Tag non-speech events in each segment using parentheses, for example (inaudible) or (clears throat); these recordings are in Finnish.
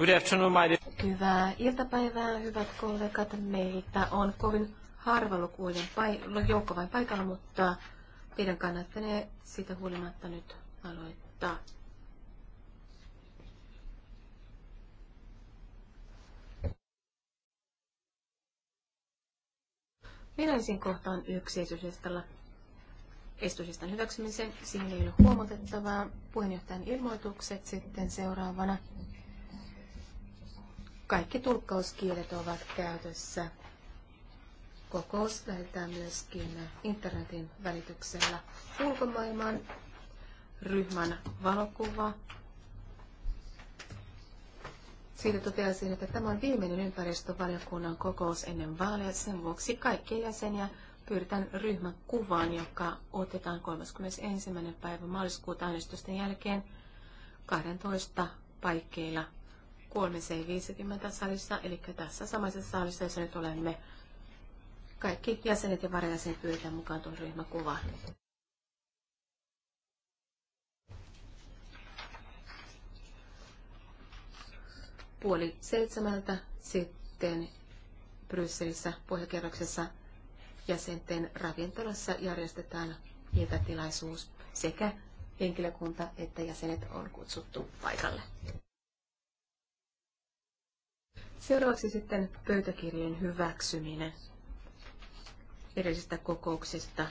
Good afternoon, my Hyvää iltapäivää, hyvät kollegat. Meitä on kovin harvalukuinen pai- no, joukko vain paikalla, mutta teidän kannattaneen siitä huolimatta nyt aloittaa. Virallisiin kohtaan yksi esitysestalla esityslistan hyväksymisen. Siihen ei ole huomautettavaa. Puheenjohtajan ilmoitukset sitten seuraavana. Kaikki tulkkauskielet ovat käytössä. Kokous lähetetään myöskin internetin välityksellä ulkomaailman ryhmän valokuva. Siitä toteaisin, että tämä on viimeinen ympäristövaliokunnan kokous ennen vaaleja. Sen vuoksi kaikkia jäseniä pyydetään ryhmän kuvaan, joka otetaan 31. päivä maaliskuuta äänestysten jälkeen 12 paikkeilla 3.50 salissa, eli tässä samaisessa salissa, jossa nyt olemme. Kaikki jäsenet ja varajäsenet pyydetään mukaan tuon ryhmäkuvaan. Puoli seitsemältä sitten Brysselissä pohjakerroksessa jäsenten ravintolassa järjestetään iltatilaisuus sekä henkilökunta että jäsenet on kutsuttu paikalle. Seuraavaksi sitten pöytäkirjojen hyväksyminen edellisestä kokouksesta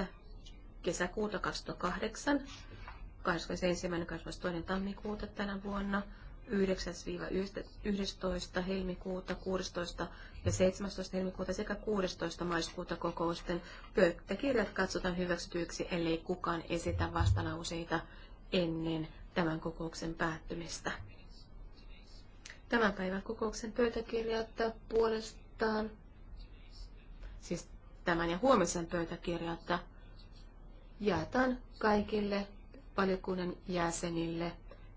23-25. kesäkuuta 2008, 21.–22. tammikuuta tänä vuonna, 9-11. helmikuuta, 16. ja 17. helmikuuta sekä 16. maiskuuta kokousten pöytäkirjat katsotaan hyväksytyiksi, ellei kukaan esitä vastalauseita ennen tämän kokouksen päättymistä. Tämän päivän kokouksen pöytäkirjat puolestaan, siis tämän ja huomisen pöytäkirjat, jaetaan kaikille valiokunnan jäsenille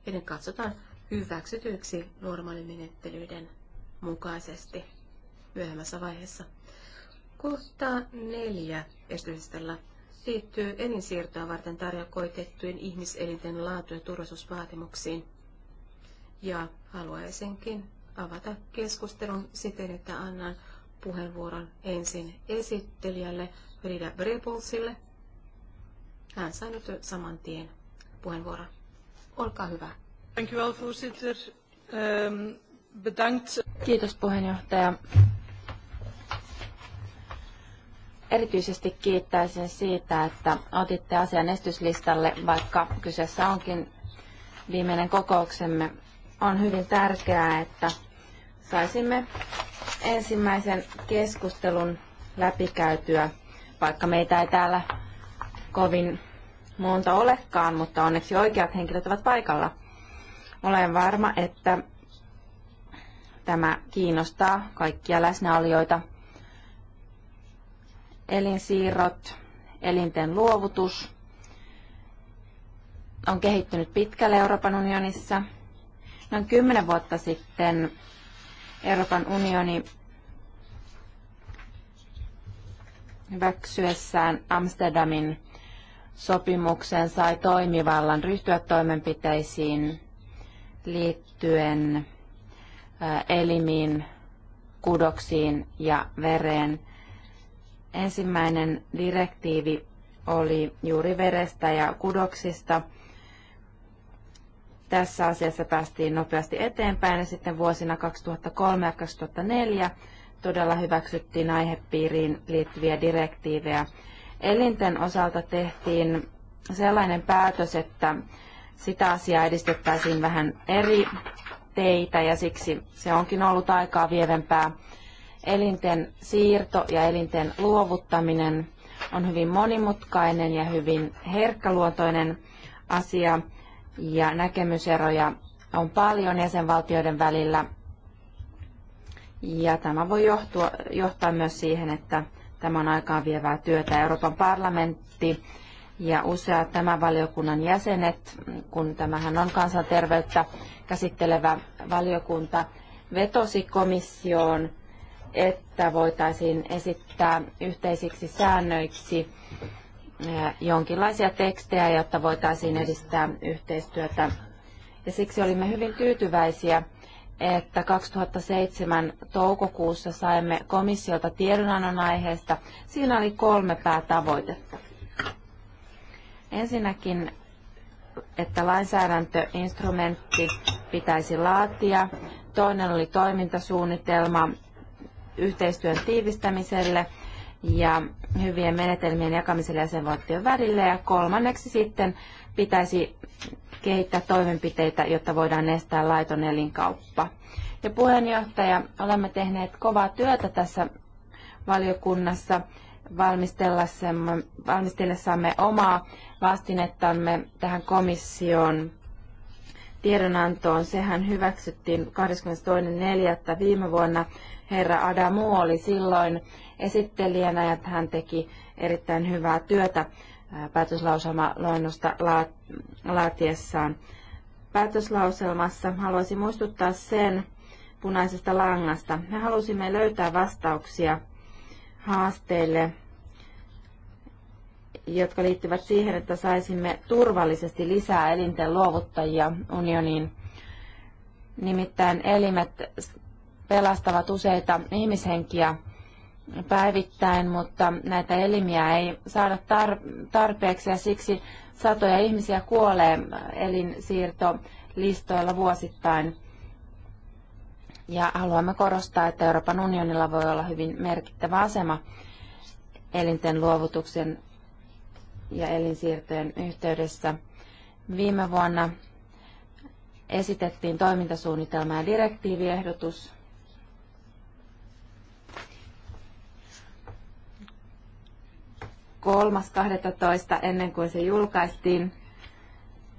ja ne katsotaan hyväksytyiksi normaalimenettelyiden mukaisesti myöhemmässä vaiheessa. Kohta neljä esitystellä liittyy elinsiirtoa varten tarjokoitettujen ihmiselinten laatu- ja turvallisuusvaatimuksiin ja haluaisinkin avata keskustelun siten, että annan puheenvuoron ensin esittelijälle Frida Brebolsille. Hän saa nyt saman tien puheenvuoron. Olkaa hyvä. Dank u voorzitter. Um, bedankt. Kiitos puheenjohtaja. Erityisesti kiittäisin siitä, että otitte asian estyslistalle, vaikka kyseessä onkin viimeinen kokouksemme on hyvin tärkeää, että saisimme ensimmäisen keskustelun läpikäytyä, vaikka meitä ei täällä kovin monta olekaan, mutta onneksi oikeat henkilöt ovat paikalla. Olen varma, että tämä kiinnostaa kaikkia läsnäolijoita. Elinsiirrot, elinten luovutus on kehittynyt pitkälle Euroopan unionissa – Noin kymmenen vuotta sitten Euroopan unioni hyväksyessään Amsterdamin sopimuksen sai toimivallan ryhtyä toimenpiteisiin liittyen elimiin, kudoksiin ja vereen. Ensimmäinen direktiivi oli juuri verestä ja kudoksista – tässä asiassa päästiin nopeasti eteenpäin ja sitten vuosina 2003 ja 2004 todella hyväksyttiin aihepiiriin liittyviä direktiivejä. Elinten osalta tehtiin sellainen päätös, että sitä asiaa edistettäisiin vähän eri teitä ja siksi se onkin ollut aikaa vievempää. Elinten siirto ja elinten luovuttaminen on hyvin monimutkainen ja hyvin herkkäluontoinen asia ja näkemyseroja on paljon jäsenvaltioiden välillä. Ja tämä voi johtua, johtaa myös siihen, että tämä on aikaan vievää työtä. Euroopan parlamentti ja useat tämän valiokunnan jäsenet, kun tämähän on kansanterveyttä käsittelevä valiokunta, vetosi komissioon, että voitaisiin esittää yhteisiksi säännöiksi jonkinlaisia tekstejä, jotta voitaisiin edistää yhteistyötä. Ja siksi olimme hyvin tyytyväisiä, että 2007 toukokuussa saimme komissiolta tiedonannon aiheesta. Siinä oli kolme päätavoitetta. Ensinnäkin, että lainsäädäntöinstrumentti pitäisi laatia. Toinen oli toimintasuunnitelma yhteistyön tiivistämiselle – ja hyvien menetelmien jakamiselle jäsenvaltion välillä. Ja kolmanneksi sitten pitäisi kehittää toimenpiteitä, jotta voidaan estää laiton elinkauppa. Ja puheenjohtaja, olemme tehneet kovaa työtä tässä valiokunnassa valmistellessamme omaa vastinettamme tähän komission tiedonantoon. Sehän hyväksyttiin 22.4. viime vuonna. Herra Adamu oli silloin esittelijänä ja hän teki erittäin hyvää työtä päätöslauselmaluennosta laatiessaan. Päätöslauselmassa haluaisin muistuttaa sen punaisesta langasta. Me halusimme löytää vastauksia haasteille, jotka liittyvät siihen, että saisimme turvallisesti lisää elinten luovuttajia unioniin. Nimittäin elimet pelastavat useita ihmishenkiä päivittäin, mutta näitä elimiä ei saada tarpeeksi ja siksi satoja ihmisiä kuolee elinsiirtolistoilla vuosittain. Ja haluamme korostaa, että Euroopan unionilla voi olla hyvin merkittävä asema elinten luovutuksen ja elinsiirtojen yhteydessä. Viime vuonna esitettiin toimintasuunnitelma ja direktiiviehdotus 3.12. ennen kuin se julkaistiin.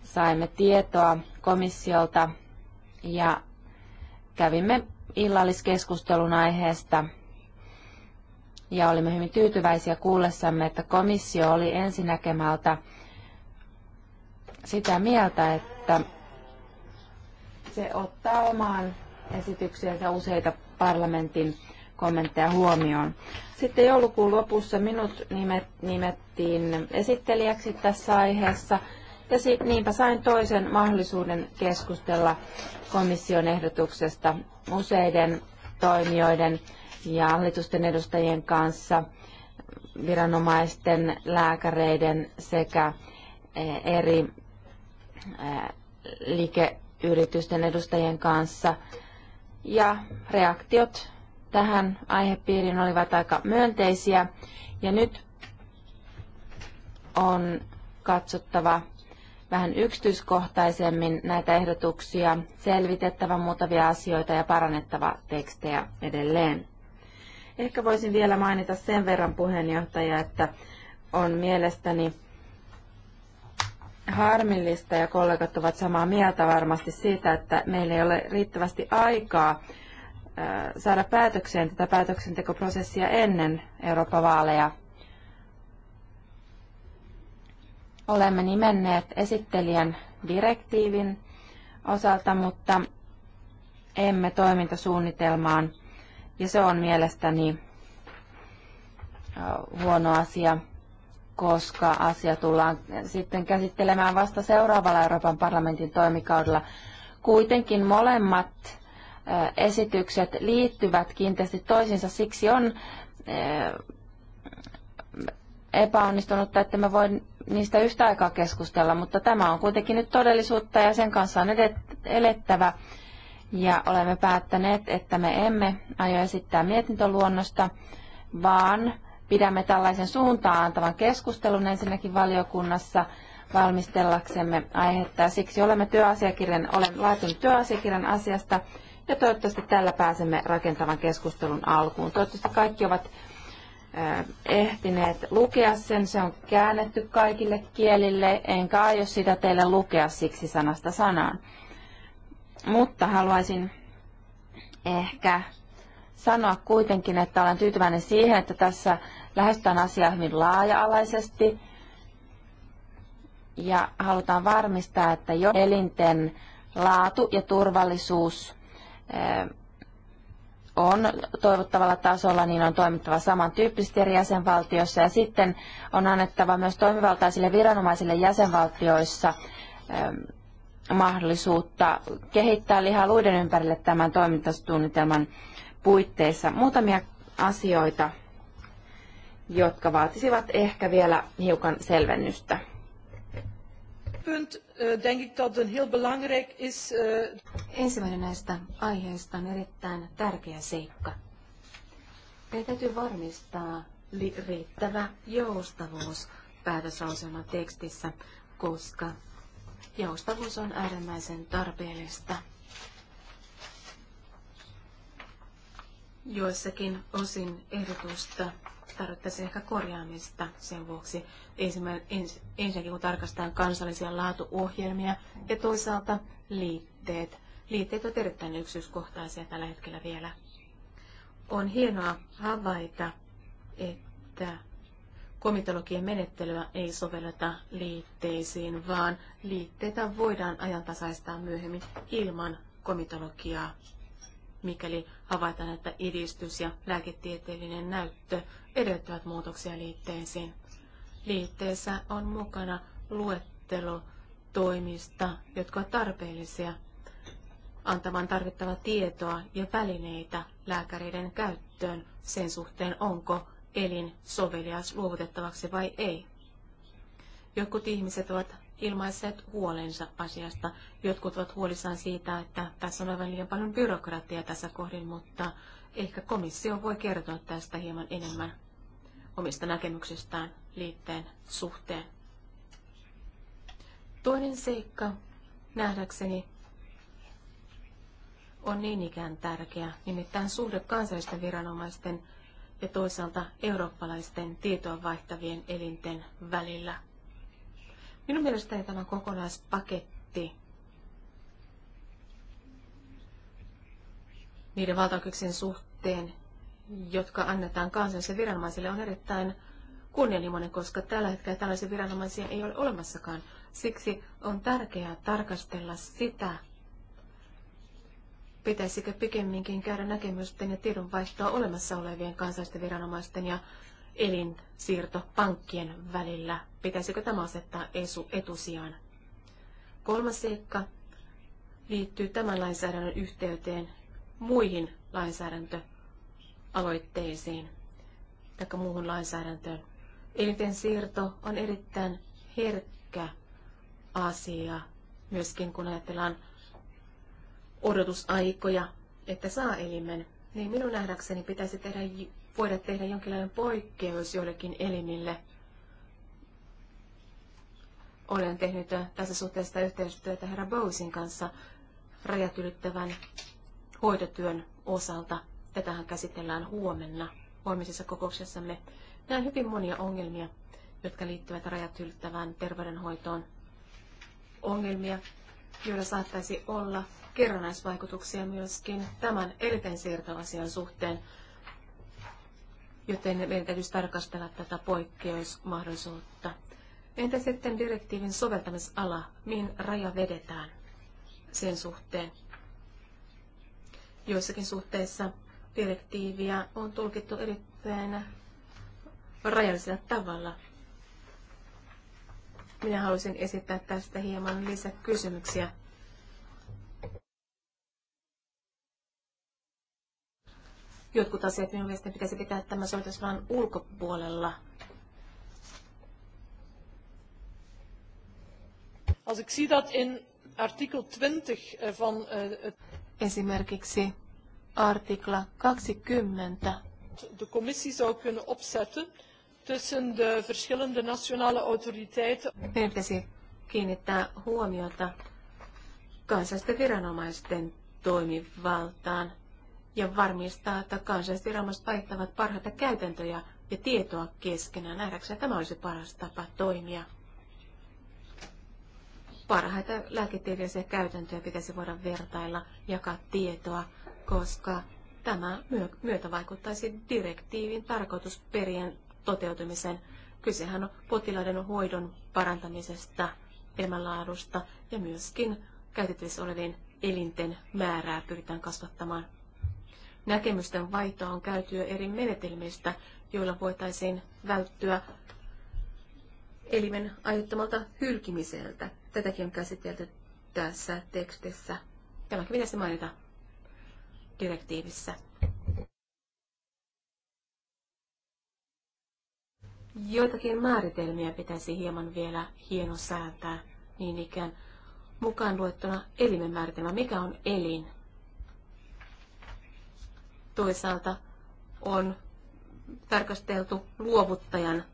Saimme tietoa komissiolta ja kävimme illalliskeskustelun aiheesta ja olimme hyvin tyytyväisiä kuullessamme, että komissio oli ensinäkemältä sitä mieltä, että se ottaa omaan esityksensä useita parlamentin kommentteja huomioon. Sitten joulukuun lopussa minut nimet, nimettiin esittelijäksi tässä aiheessa ja sit, niinpä sain toisen mahdollisuuden keskustella komission ehdotuksesta useiden toimijoiden ja hallitusten edustajien kanssa, viranomaisten, lääkäreiden sekä eh, eri eh, liikeyritysten edustajien kanssa. Ja reaktiot tähän aihepiiriin olivat aika myönteisiä. Ja nyt on katsottava vähän yksityiskohtaisemmin näitä ehdotuksia, selvitettävä muutamia asioita ja parannettava tekstejä edelleen. Ehkä voisin vielä mainita sen verran puheenjohtaja, että on mielestäni harmillista ja kollegat ovat samaa mieltä varmasti siitä, että meillä ei ole riittävästi aikaa saada päätökseen tätä päätöksentekoprosessia ennen Euroopan vaaleja. Olemme nimenneet esittelijän direktiivin osalta, mutta emme toimintasuunnitelmaan, ja se on mielestäni huono asia, koska asia tullaan sitten käsittelemään vasta seuraavalla Euroopan parlamentin toimikaudella. Kuitenkin molemmat esitykset liittyvät kiinteästi toisiinsa. Siksi on epäonnistunutta, että me voin niistä yhtä aikaa keskustella, mutta tämä on kuitenkin nyt todellisuutta ja sen kanssa on elettävä. Ja olemme päättäneet, että me emme aio esittää mietintöluonnosta, vaan pidämme tällaisen suuntaan antavan keskustelun ensinnäkin valiokunnassa valmistellaksemme aihetta. Siksi olemme työasiakirjan, olen laatinut työasiakirjan asiasta ja toivottavasti tällä pääsemme rakentavan keskustelun alkuun. Toivottavasti kaikki ovat ehtineet lukea sen. Se on käännetty kaikille kielille, enkä aio sitä teille lukea siksi sanasta sanaan. Mutta haluaisin ehkä sanoa kuitenkin, että olen tyytyväinen siihen, että tässä lähestytään asiaa hyvin laaja-alaisesti ja halutaan varmistaa, että jo elinten laatu ja turvallisuus on toivottavalla tasolla, niin on toimittava samantyyppisesti eri jäsenvaltioissa ja sitten on annettava myös toimivaltaisille viranomaisille jäsenvaltioissa mahdollisuutta kehittää lihaa luiden ympärille tämän toimintasuunnitelman puitteissa. Muutamia asioita, jotka vaatisivat ehkä vielä hiukan selvennystä punt eh, denk ik dat een heel belangrijk is. Eh, Ensimmäinen näistä aiheista on erittäin tärkeä seikka. Meidän täytyy varmistaa riittävä joustavuus päätösauselman tekstissä, koska joustavuus on äärimmäisen tarpeellista. Joissakin osin ehdotusta tarvittaisi ehkä korjaamista sen vuoksi. ensinnäkin kun tarkastetaan kansallisia laatuohjelmia ja toisaalta liitteet. Liitteet ovat erittäin yksityiskohtaisia tällä hetkellä vielä. On hienoa havaita, että komitologian menettelyä ei sovelleta liitteisiin, vaan liitteitä voidaan ajantasaistaa myöhemmin ilman komitologiaa mikäli havaitaan, että edistys ja lääketieteellinen näyttö edellyttävät muutoksia liitteisiin. Liitteessä on mukana luettelo toimista, jotka ovat tarpeellisia antamaan tarvittavaa tietoa ja välineitä lääkäreiden käyttöön sen suhteen, onko elin sovelias luovutettavaksi vai ei. Jotkut ihmiset ovat ilmaisseet huolensa asiasta. Jotkut ovat huolissaan siitä, että tässä on aivan liian paljon byrokratiaa tässä kohdin, mutta ehkä komissio voi kertoa tästä hieman enemmän omista näkemyksistään liitteen suhteen. Toinen seikka nähdäkseni on niin ikään tärkeä, nimittäin suhde kansallisten viranomaisten ja toisaalta eurooppalaisten tietoa vaihtavien elinten välillä. Minun mielestäni tämä kokonaispaketti niiden valtaoikeuksien suhteen, jotka annetaan kansallisille viranomaisille, on erittäin kunnianhimoinen, koska tällä hetkellä tällaisia viranomaisia ei ole olemassakaan. Siksi on tärkeää tarkastella sitä, pitäisikö pikemminkin käydä näkemysten ja tiedonvaihtoa olemassa olevien kansallisten viranomaisten ja elinsiirtopankkien välillä. Pitäisikö tämä asettaa esu, etusijaan? Kolmas seikka liittyy tämän lainsäädännön yhteyteen muihin lainsäädäntö aloitteisiin tai muuhun lainsäädäntöön. Elinten siirto on erittäin herkkä asia, myöskin kun ajatellaan odotusaikoja, että saa elimen. Niin minun nähdäkseni pitäisi tehdä, voida tehdä jonkinlainen poikkeus joillekin elimille. Olen tehnyt äh, tässä suhteessa yhteistyötä herra Bowsin kanssa rajat ylittävän hoitotyön osalta – Tätähän käsitellään huomenna huomisessa kokouksessamme. Näen hyvin monia ongelmia, jotka liittyvät rajat ylittävään terveydenhoitoon. Ongelmia, joilla saattaisi olla kerrannaisvaikutuksia myöskin tämän erittäin siirtoasian suhteen, joten meidän täytyisi tarkastella tätä poikkeusmahdollisuutta. Entä sitten direktiivin soveltamisala, mihin raja vedetään sen suhteen? Joissakin suhteissa direktiiviä on tulkittu erittäin rajallisella tavalla. Minä haluaisin esittää tästä hieman lisäkysymyksiä. Jotkut asiat minun mielestäni pitäisi pitää soitus vain ulkopuolella. Als ik zie dat in artikel 20 eh, van... Eh, Esimerkiksi artikla 20. De commissie zou kunnen opzetten tussen de verschillende nationale autoriteiten. Meidän pitäisi kiinnittää huomiota kansallisten viranomaisten toimivaltaan ja varmistaa, että kansalliset viranomaiset vaihtavat parhaita käytäntöjä ja tietoa keskenään. Nähdäkseni tämä olisi paras tapa toimia. Parhaita lääketieteellisiä käytäntöjä pitäisi voida vertailla, jakaa tietoa koska tämä myötä vaikuttaisi direktiivin tarkoitusperien toteutumiseen. Kysehän on potilaiden hoidon parantamisesta, elämänlaadusta ja myöskin käytettävissä olevien elinten määrää pyritään kasvattamaan. Näkemysten vaihtoa on käyty jo eri menetelmistä, joilla voitaisiin välttyä elimen aiheuttamalta hylkimiseltä. Tätäkin on käsitelty tässä tekstissä. Tämäkin pitäisi mainita direktiivissä. Joitakin määritelmiä pitäisi hieman vielä hieno sääntää, niin ikään mukaan luettuna elimen määritelmä, mikä on elin. Toisaalta on tarkasteltu luovuttajan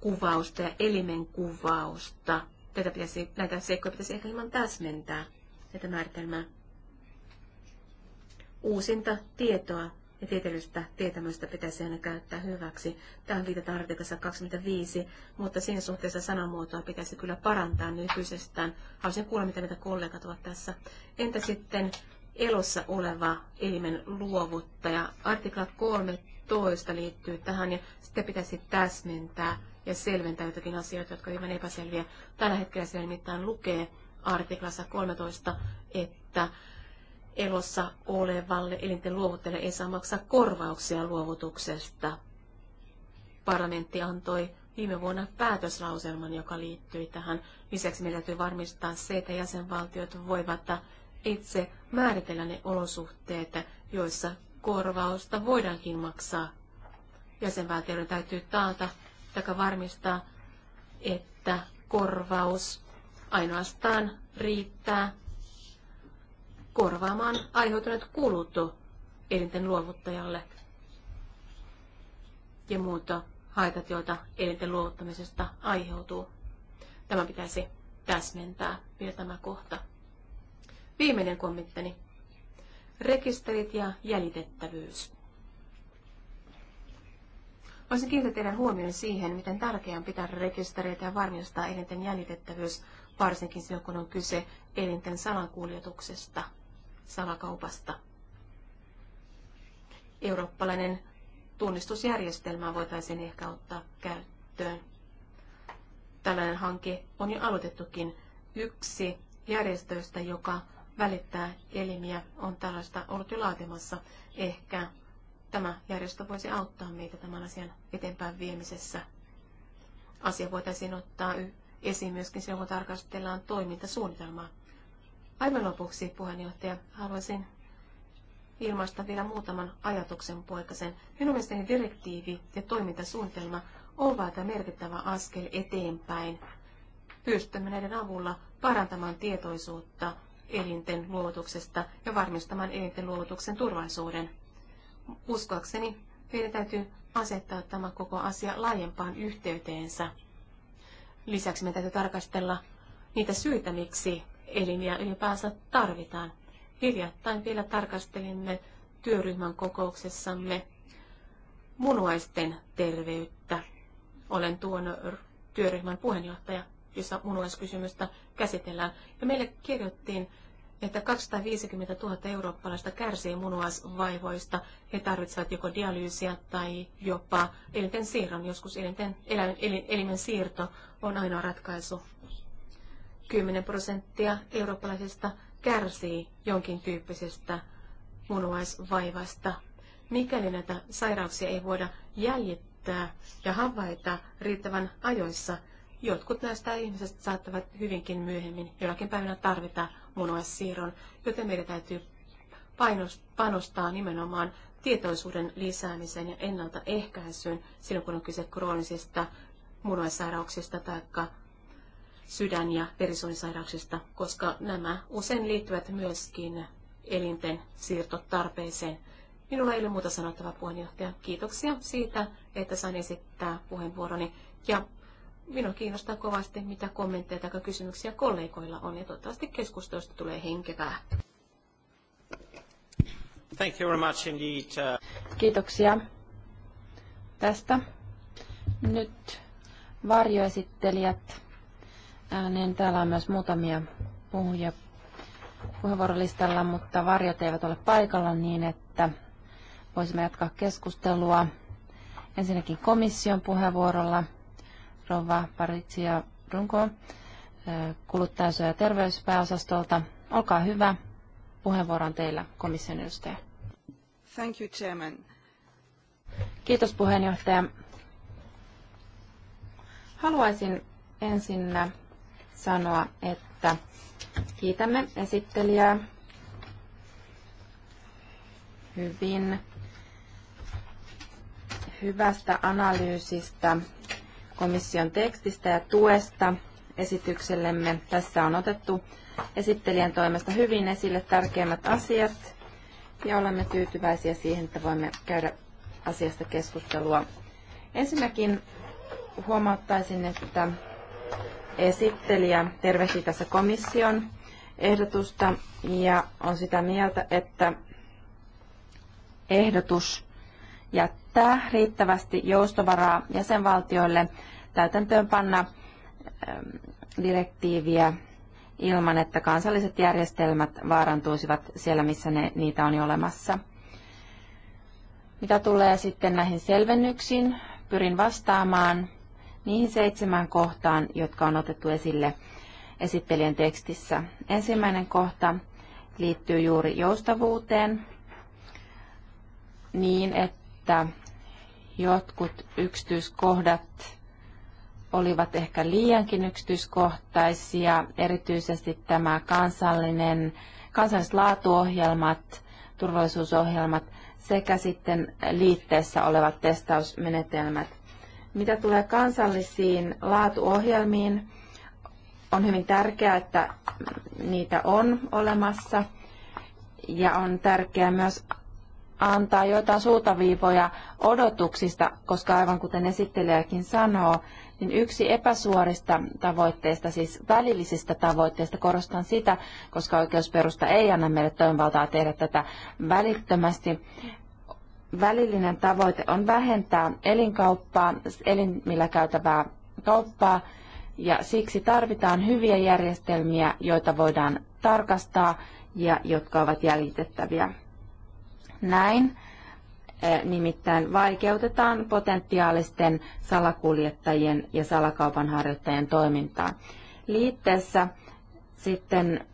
kuvausta ja elimen kuvausta. Tätä pitäisi, näitä seikkoja pitäisi ehkä hieman täsmentää, tätä määritelmää uusinta tietoa ja tieteellistä tietämystä pitäisi aina käyttää hyväksi. Tähän viitataan artikassa 25, mutta siinä suhteessa sanamuotoa pitäisi kyllä parantaa nykyisestään. Haluaisin kuulla, mitä näitä kollegat ovat tässä. Entä sitten elossa oleva elimen luovuttaja? Artikla 13 liittyy tähän ja sitten pitäisi täsmentää ja selventää jotakin asioita, jotka ovat epäselviä. Tällä hetkellä siellä nimittäin lukee artiklassa 13, että elossa olevalle elinten luovuttajalle ei saa maksaa korvauksia luovutuksesta. Parlamentti antoi viime vuonna päätöslauselman, joka liittyi tähän. Lisäksi meidän täytyy varmistaa se, että jäsenvaltiot voivat itse määritellä ne olosuhteet, joissa korvausta voidaankin maksaa. Jäsenvaltioiden täytyy taata tai varmistaa, että korvaus ainoastaan riittää korvaamaan aiheutuneet kulut elinten luovuttajalle ja muuta haitat, joita elinten luovuttamisesta aiheutuu. Tämä pitäisi täsmentää vielä tämä kohta. Viimeinen kommenttini. Rekisterit ja jäljitettävyys. Voisin kiinnittää teidän huomioon siihen, miten tärkeää on pitää rekistereitä ja varmistaa elinten jäljitettävyys, varsinkin silloin kun on kyse elinten salakuljetuksesta – salakaupasta. Eurooppalainen tunnistusjärjestelmä voitaisiin ehkä ottaa käyttöön. Tällainen hanke on jo aloitettukin. Yksi järjestöistä, joka välittää elimiä, on tällaista ollut jo laatimassa. Ehkä tämä järjestö voisi auttaa meitä tämän asian eteenpäin viemisessä. Asia voitaisiin ottaa esiin myöskin silloin, kun tarkastellaan toimintasuunnitelmaa. Aivan lopuksi, puheenjohtaja, haluaisin ilmaista vielä muutaman ajatuksen poikasen. Minun mielestäni direktiivi ja toimintasuunnitelma ovat merkittävä askel eteenpäin. Pystymme näiden avulla parantamaan tietoisuutta elinten luovutuksesta ja varmistamaan elinten luovutuksen turvallisuuden. Uskoakseni meidän täytyy asettaa tämä koko asia laajempaan yhteyteensä. Lisäksi me täytyy tarkastella niitä syitä, miksi elimiä ylipäänsä tarvitaan. Hiljattain vielä tarkastelimme työryhmän kokouksessamme munuaisten terveyttä. Olen tuon työryhmän puheenjohtaja, jossa munuaiskysymystä käsitellään. Ja meille kirjoittiin, että 250 000 eurooppalaista kärsii munuaisvaivoista. He tarvitsevat joko dialyysiä tai jopa elinten siirron. Joskus elinten, elin, elimen siirto on ainoa ratkaisu 10 prosenttia eurooppalaisista kärsii jonkin tyyppisestä munuaisvaivasta. Mikäli näitä sairauksia ei voida jäljittää ja havaita riittävän ajoissa, jotkut näistä ihmisistä saattavat hyvinkin myöhemmin jollakin päivänä tarvita munuaissiirron, joten meidän täytyy panostaa nimenomaan tietoisuuden lisäämiseen ja ennaltaehkäisyyn silloin, kun on kyse kroonisista munuaissairauksista tai sydän- ja verisuonisairauksista, koska nämä usein liittyvät myöskin elinten siirtotarpeeseen. Minulla ei ole muuta sanottavaa puheenjohtaja. Kiitoksia siitä, että sain esittää puheenvuoroni. Ja minua kiinnostaa kovasti, mitä kommentteja tai kysymyksiä kollegoilla on, ja toivottavasti keskustelusta tulee henkevää. Thank you very much indeed. Uh, Kiitoksia tästä. Nyt varjoesittelijät ääneen. Täällä on myös muutamia puhujia puheenvuorolistalla, mutta varjot eivät ole paikalla niin, että voisimme jatkaa keskustelua ensinnäkin komission puheenvuorolla. Rova Paritsia Runko kuluttajansuoja- ja terveyspääosastolta. Olkaa hyvä. Puheenvuoro on teillä, komission edustaja. Thank you, Chairman. Kiitos puheenjohtaja. Haluaisin ensinnä sanoa, että kiitämme esittelijää hyvin hyvästä analyysistä komission tekstistä ja tuesta esityksellemme. Tässä on otettu esittelijän toimesta hyvin esille tärkeimmät asiat ja olemme tyytyväisiä siihen, että voimme käydä asiasta keskustelua. Ensinnäkin huomauttaisin, että esittelijä tervehti tässä komission ehdotusta ja on sitä mieltä, että ehdotus jättää riittävästi joustovaraa jäsenvaltioille täytäntöönpanna ähm, direktiiviä ilman, että kansalliset järjestelmät vaarantuisivat siellä, missä ne, niitä on jo olemassa. Mitä tulee sitten näihin selvennyksiin, pyrin vastaamaan niihin seitsemään kohtaan, jotka on otettu esille esittelijän tekstissä. Ensimmäinen kohta liittyy juuri joustavuuteen niin, että jotkut yksityiskohdat olivat ehkä liiankin yksityiskohtaisia, erityisesti tämä kansallinen, kansalliset laatuohjelmat, turvallisuusohjelmat sekä sitten liitteessä olevat testausmenetelmät. Mitä tulee kansallisiin laatuohjelmiin, on hyvin tärkeää, että niitä on olemassa ja on tärkeää myös antaa joitain suutaviivoja odotuksista, koska aivan kuten esittelijäkin sanoo, niin yksi epäsuorista tavoitteista, siis välillisistä tavoitteista, korostan sitä, koska oikeusperusta ei anna meille toimivaltaa tehdä tätä välittömästi, välillinen tavoite on vähentää elinkauppaa, elimillä käytävää kauppaa, ja siksi tarvitaan hyviä järjestelmiä, joita voidaan tarkastaa ja jotka ovat jäljitettäviä. Näin eh, nimittäin vaikeutetaan potentiaalisten salakuljettajien ja salakaupan harjoittajien toimintaa. Liitteessä sitten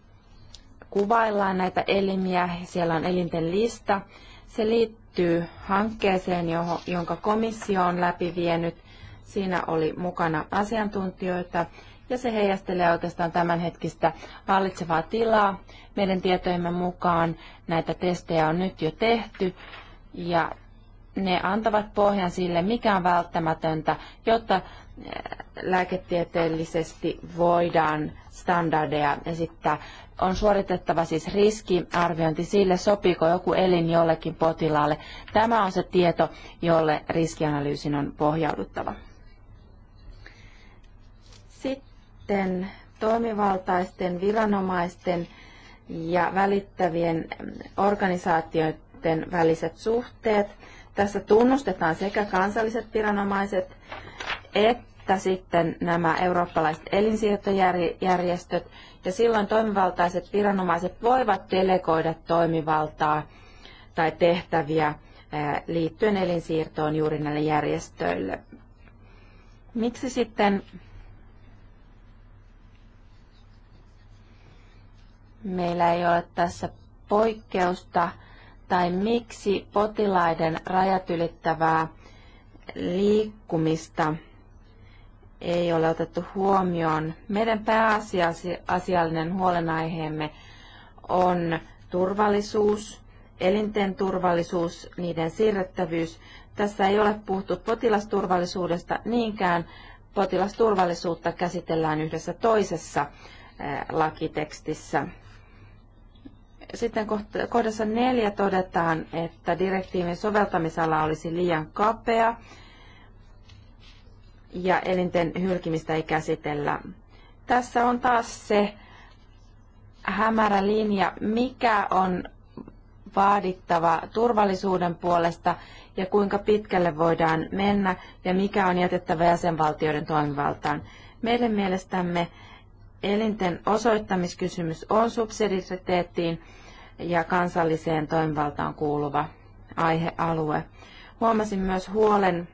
kuvaillaan näitä elimiä, siellä on elinten lista. Se liittyy liittyy hankkeeseen, jonka komissio on läpivienyt. Siinä oli mukana asiantuntijoita ja se heijastelee oikeastaan tämänhetkistä vallitsevaa tilaa. Meidän tietojemme mukaan näitä testejä on nyt jo tehty ja ne antavat pohjan sille, mikä on välttämätöntä, jotta lääketieteellisesti voidaan standardeja esittää. On suoritettava siis riskiarviointi sille, sopiiko joku elin jollekin potilaalle. Tämä on se tieto, jolle riskianalyysin on pohjauduttava. Sitten toimivaltaisten viranomaisten ja välittävien organisaatioiden väliset suhteet tässä tunnustetaan sekä kansalliset viranomaiset että sitten nämä eurooppalaiset elinsiirtojärjestöt, ja silloin toimivaltaiset viranomaiset voivat delegoida toimivaltaa tai tehtäviä liittyen elinsiirtoon juuri näille järjestöille. Miksi sitten meillä ei ole tässä poikkeusta tai miksi potilaiden rajat ylittävää liikkumista ei ole otettu huomioon. Meidän pääasiallinen huolenaiheemme on turvallisuus, elinten turvallisuus, niiden siirrettävyys. Tässä ei ole puhuttu potilasturvallisuudesta niinkään. Potilasturvallisuutta käsitellään yhdessä toisessa lakitekstissä. Sitten kohdassa neljä todetaan, että direktiivin soveltamisala olisi liian kapea ja elinten hylkimistä ei käsitellä. Tässä on taas se hämärä linja, mikä on vaadittava turvallisuuden puolesta ja kuinka pitkälle voidaan mennä ja mikä on jätettävä jäsenvaltioiden toimivaltaan. Meidän mielestämme elinten osoittamiskysymys on subsidiariteettiin ja kansalliseen toimivaltaan kuuluva aihealue. Huomasin myös huolen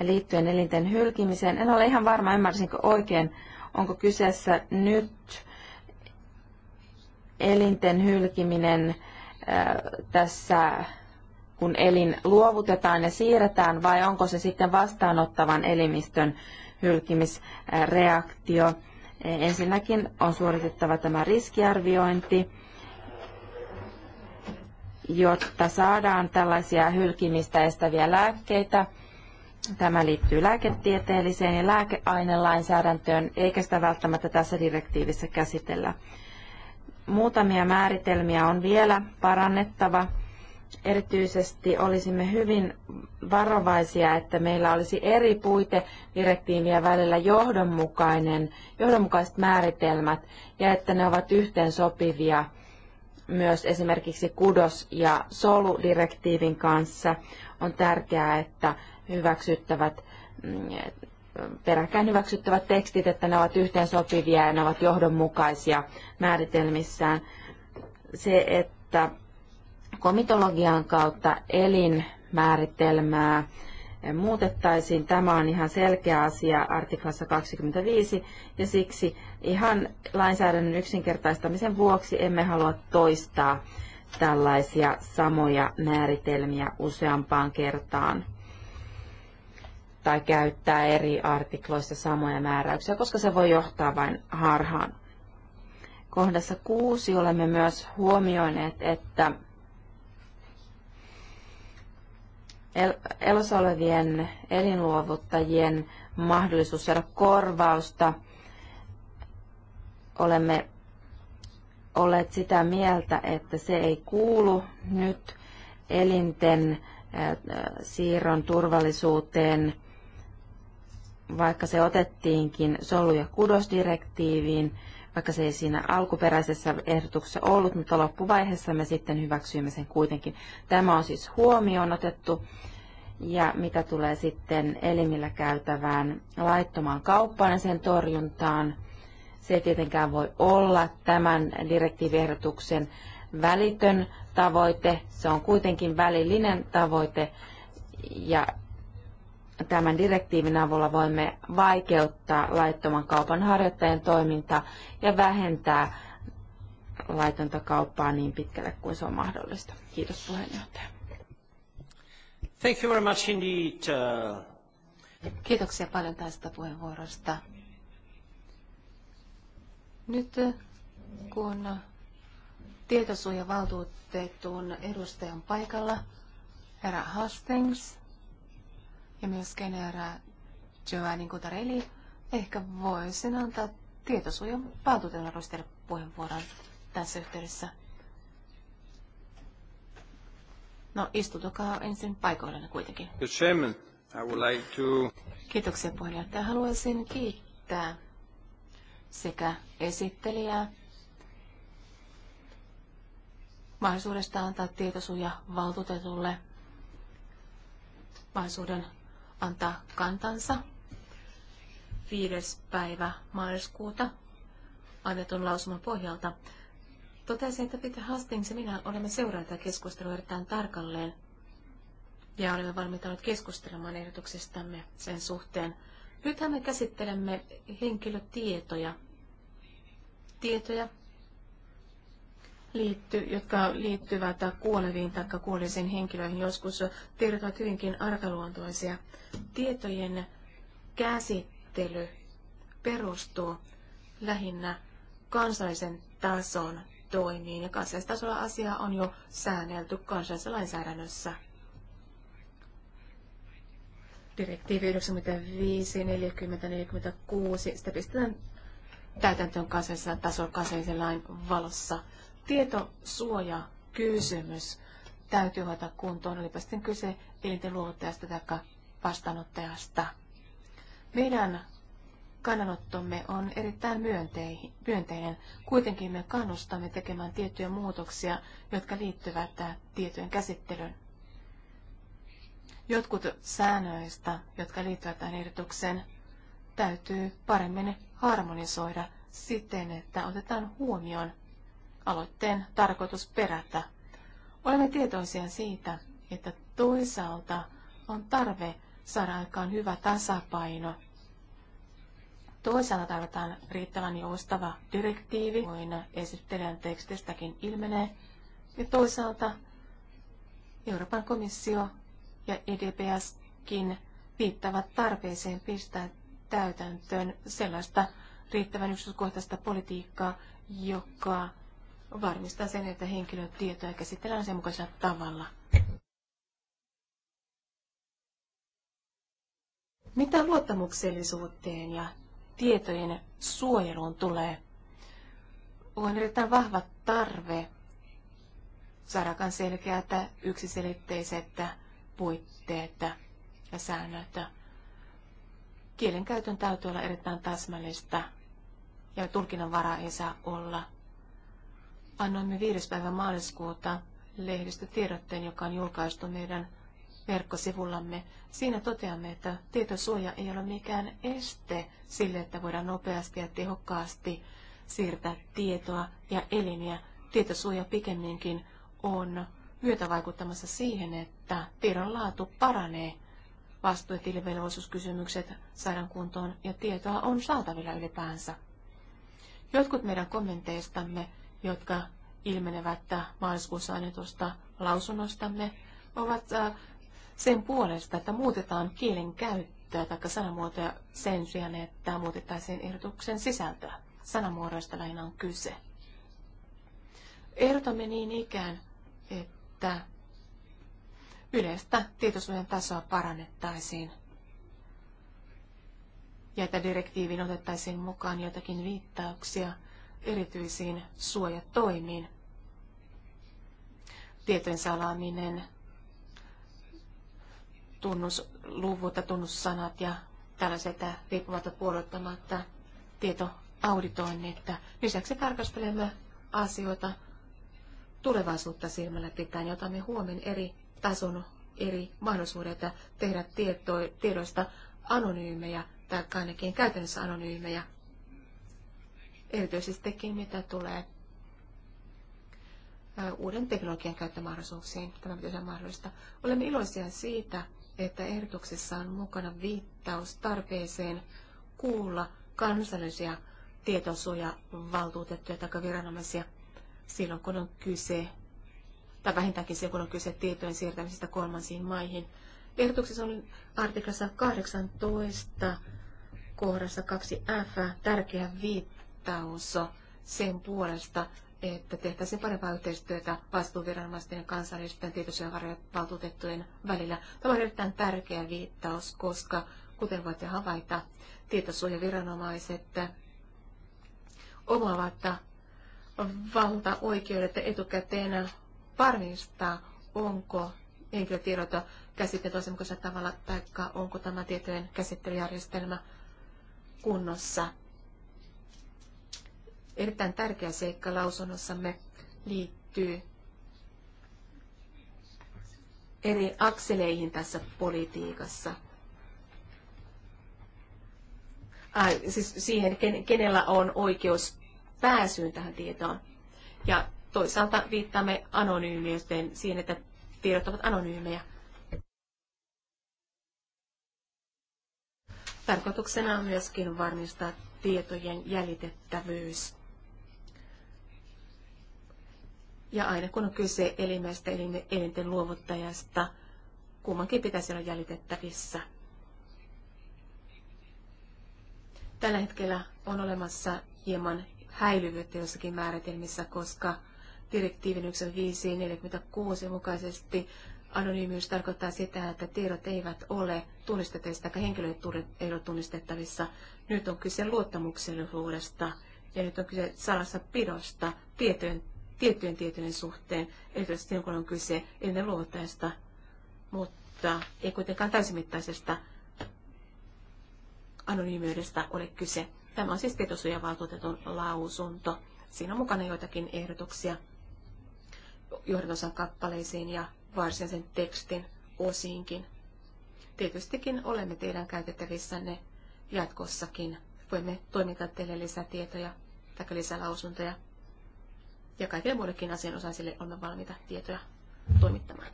liittyen elinten hylkimiseen. En ole ihan varma, ymmärsinkö oikein, onko kyseessä nyt elinten hylkiminen äh, tässä, kun elin luovutetaan ja siirretään, vai onko se sitten vastaanottavan elimistön hylkimisreaktio. Ensinnäkin on suoritettava tämä riskiarviointi, jotta saadaan tällaisia hylkimistä estäviä lääkkeitä. Tämä liittyy lääketieteelliseen ja lääkeainelainsäädäntöön, eikä sitä välttämättä tässä direktiivissä käsitellä. Muutamia määritelmiä on vielä parannettava Erityisesti olisimme hyvin varovaisia, että meillä olisi eri puitedirektiiviä välillä johdonmukainen, johdonmukaiset määritelmät ja että ne ovat yhteen sopivia myös esimerkiksi kudos- ja soludirektiivin kanssa. On tärkeää, että hyväksyttävät mm, peräkkäin hyväksyttävät tekstit, että ne ovat sopivia ja ne ovat johdonmukaisia määritelmissään. Se, että komitologian kautta elinmääritelmää muutettaisiin. Tämä on ihan selkeä asia artiklassa 25 ja siksi ihan lainsäädännön yksinkertaistamisen vuoksi emme halua toistaa tällaisia samoja määritelmiä useampaan kertaan tai käyttää eri artikloissa samoja määräyksiä, koska se voi johtaa vain harhaan. Kohdassa kuusi olemme myös huomioineet, että el, elossa olevien elinluovuttajien mahdollisuus saada korvausta. Olemme olleet sitä mieltä, että se ei kuulu nyt elinten siirron turvallisuuteen, vaikka se otettiinkin solu- ja kudosdirektiiviin, vaikka se ei siinä alkuperäisessä ehdotuksessa ollut, mutta loppuvaiheessa me sitten hyväksyimme sen kuitenkin. Tämä on siis huomioon otettu. Ja mitä tulee sitten elimillä käytävään laittomaan kauppaan ja sen torjuntaan, se ei tietenkään voi olla tämän direktiiviehdotuksen välitön tavoite. Se on kuitenkin välillinen tavoite ja tämän direktiivin avulla voimme vaikeuttaa laittoman kaupan harjoittajien toimintaa ja vähentää laitonta kauppaa niin pitkälle kuin se on mahdollista. Kiitos puheenjohtaja. Thank you very much indeed. Uh, Kiitoksia paljon tästä puheenvuorosta. Nyt uh, kun tietosuojavaltuutetun edustajan paikalla, herra Hastings, ja myös herra Giovanni Kutarelli. Ehkä voisin antaa tietosuojan valtuutetun arvostelle puheenvuoron tässä yhteydessä. No, istutukaa ensin paikoillenne kuitenkin. Chairman, I would like to... Kiitoksia puheenjohtaja. Haluaisin kiittää sekä esittelijää mahdollisuudesta antaa tietosuoja valtuutetulle mahdollisuuden antaa kantansa 5. päivä maaliskuuta annetun lausuman pohjalta. totesi, että Peter Hastings ja minä olemme seuraajat keskustelua erittäin tarkalleen ja olemme valmiita nyt keskustelemaan ehdotuksistamme sen suhteen. Nythän me käsittelemme henkilötietoja, tietoja, liitty, jotka liittyvät kuoleviin tai kuolisiin henkilöihin, joskus tiedot ovat hyvinkin arkaluontoisia. Tietojen käsittely perustuu lähinnä kansallisen tason toimiin, ja kansallistasolla asia on jo säännelty kansallisessa lainsäädännössä. Direktiivi 95-40-46, sitä pistetään täytäntöön kansallisella tasolla kansallisen lain valossa. Tietosuoja kysymys täytyy hoita kuntoon, olipa sitten kyse elinten luovuttajasta tai vastaanottajasta. Meidän kannanottomme on erittäin myönteinen. Kuitenkin me kannustamme tekemään tiettyjä muutoksia, jotka liittyvät tietojen käsittelyyn. Jotkut säännöistä, jotka liittyvät tähän ehdotukseen, täytyy paremmin harmonisoida siten, että otetaan huomioon aloitteen tarkoitus perätä. Olemme tietoisia siitä, että toisaalta on tarve saada aikaan hyvä tasapaino. Toisaalta tarvitaan riittävän joustava direktiivi, kuin esittelijän tekstistäkin ilmenee, ja toisaalta Euroopan komissio ja EDPSkin viittavat tarpeeseen pistää täytäntöön sellaista riittävän yksityiskohtaista politiikkaa, joka varmistaa sen, että henkilötietoja käsitellään mukaisella tavalla. Mitä luottamuksellisuuteen ja tietojen suojeluun tulee, on erittäin vahva tarve saada selkeät, yksiselitteiset puitteet ja säännöt. Kielenkäytön täytyy olla erittäin täsmällistä ja tulkinnan varaa ei saa olla annoimme 5. päivä maaliskuuta lehdistötiedotteen, joka on julkaistu meidän verkkosivullamme. Siinä toteamme, että tietosuoja ei ole mikään este sille, että voidaan nopeasti ja tehokkaasti siirtää tietoa ja elimiä. Tietosuoja pikemminkin on vaikuttamassa siihen, että tiedon laatu paranee. Vastuu- ja tilivelvollisuuskysymykset saadaan kuntoon ja tietoa on saatavilla ylipäänsä. Jotkut meidän kommenteistamme jotka ilmenevät maaliskuussa annetusta lausunnostamme, ovat äh, sen puolesta, että muutetaan kielen käyttöä tai sanamuotoja sen sijaan, että muutettaisiin ehdotuksen sisältöä. Sanamuodoista lähinnä on kyse. Ehdotamme niin ikään, että yleistä tietosuojan tasoa parannettaisiin ja että direktiiviin otettaisiin mukaan jotakin viittauksia – erityisiin suojatoimiin. Tietojen salaaminen, tunnusluvut ja tunnussanat ja tällaiset riippumatta puoluettamatta tietoauditoinnit. Lisäksi tarkastelemme asioita tulevaisuutta silmällä pitäen, jota me huomen eri tason eri mahdollisuudet tehdä tietoista tiedoista anonyymejä tai ainakin käytännössä anonyymejä erityisestikin mitä tulee uuden teknologian käyttömahdollisuuksiin. Tämä pitäisi olla mahdollista. Olemme iloisia siitä, että ehdotuksessa on mukana viittaus tarpeeseen kuulla kansallisia tietosuojavaltuutettuja tai viranomaisia silloin, kun on kyse, tai vähintäänkin silloin, kun on kyse tietojen siirtämisestä kolmansiin maihin. Ehdotuksessa on artiklassa 18 kohdassa 2f tärkeä viittaus vastaus sen puolesta, että tehtäisiin parempaa yhteistyötä vastuuviranomaisten ja kansallisten tietosuojavaltuutettujen välillä. Tämä on erittäin tärkeä viittaus, koska kuten voitte havaita, tietosuojaviranomaiset omaavat valtaoikeudet oikeudet etukäteen varmistaa, onko henkilötiedot käsitelty asianmukaisella tavalla tai onko tämä tietojen käsittelyjärjestelmä kunnossa. Erittäin tärkeä seikka lausunnossamme liittyy eri akseleihin tässä politiikassa. Ah, siis siihen, kenellä on oikeus pääsyyn tähän tietoon. Ja toisaalta viittaamme anonyymiyteen siihen, että tiedot ovat anonyymejä. Tarkoituksena on myöskin varmistaa tietojen jäljitettävyys. Ja aina kun on kyse elimestä elinten luovuttajasta, kummankin pitäisi olla jäljitettävissä. Tällä hetkellä on olemassa hieman häilyvyyttä jossakin määritelmissä, koska direktiivin 1546 mukaisesti anonyymiys tarkoittaa sitä, että tiedot eivät ole tunnistettavissa tai henkilöt ei ole tunnistettavissa. Nyt on kyse luottamuksellisuudesta ja nyt on kyse salassa pidosta tietojen tiettyjen tietojen suhteen, erityisesti kun on kyse ennen luoteesta, mutta ei kuitenkaan täysimittaisesta anonyymiydestä ole kyse. Tämä on siis tietosuojavaltuutetun lausunto. Siinä on mukana joitakin ehdotuksia johdonosan kappaleisiin ja varsinaisen tekstin osiinkin. Tietystikin olemme teidän käytettävissänne jatkossakin. Voimme toimittaa teille lisätietoja tai lisälausuntoja ja kaikille muillekin asianosaisille olemme valmiita tietoja toimittamaan.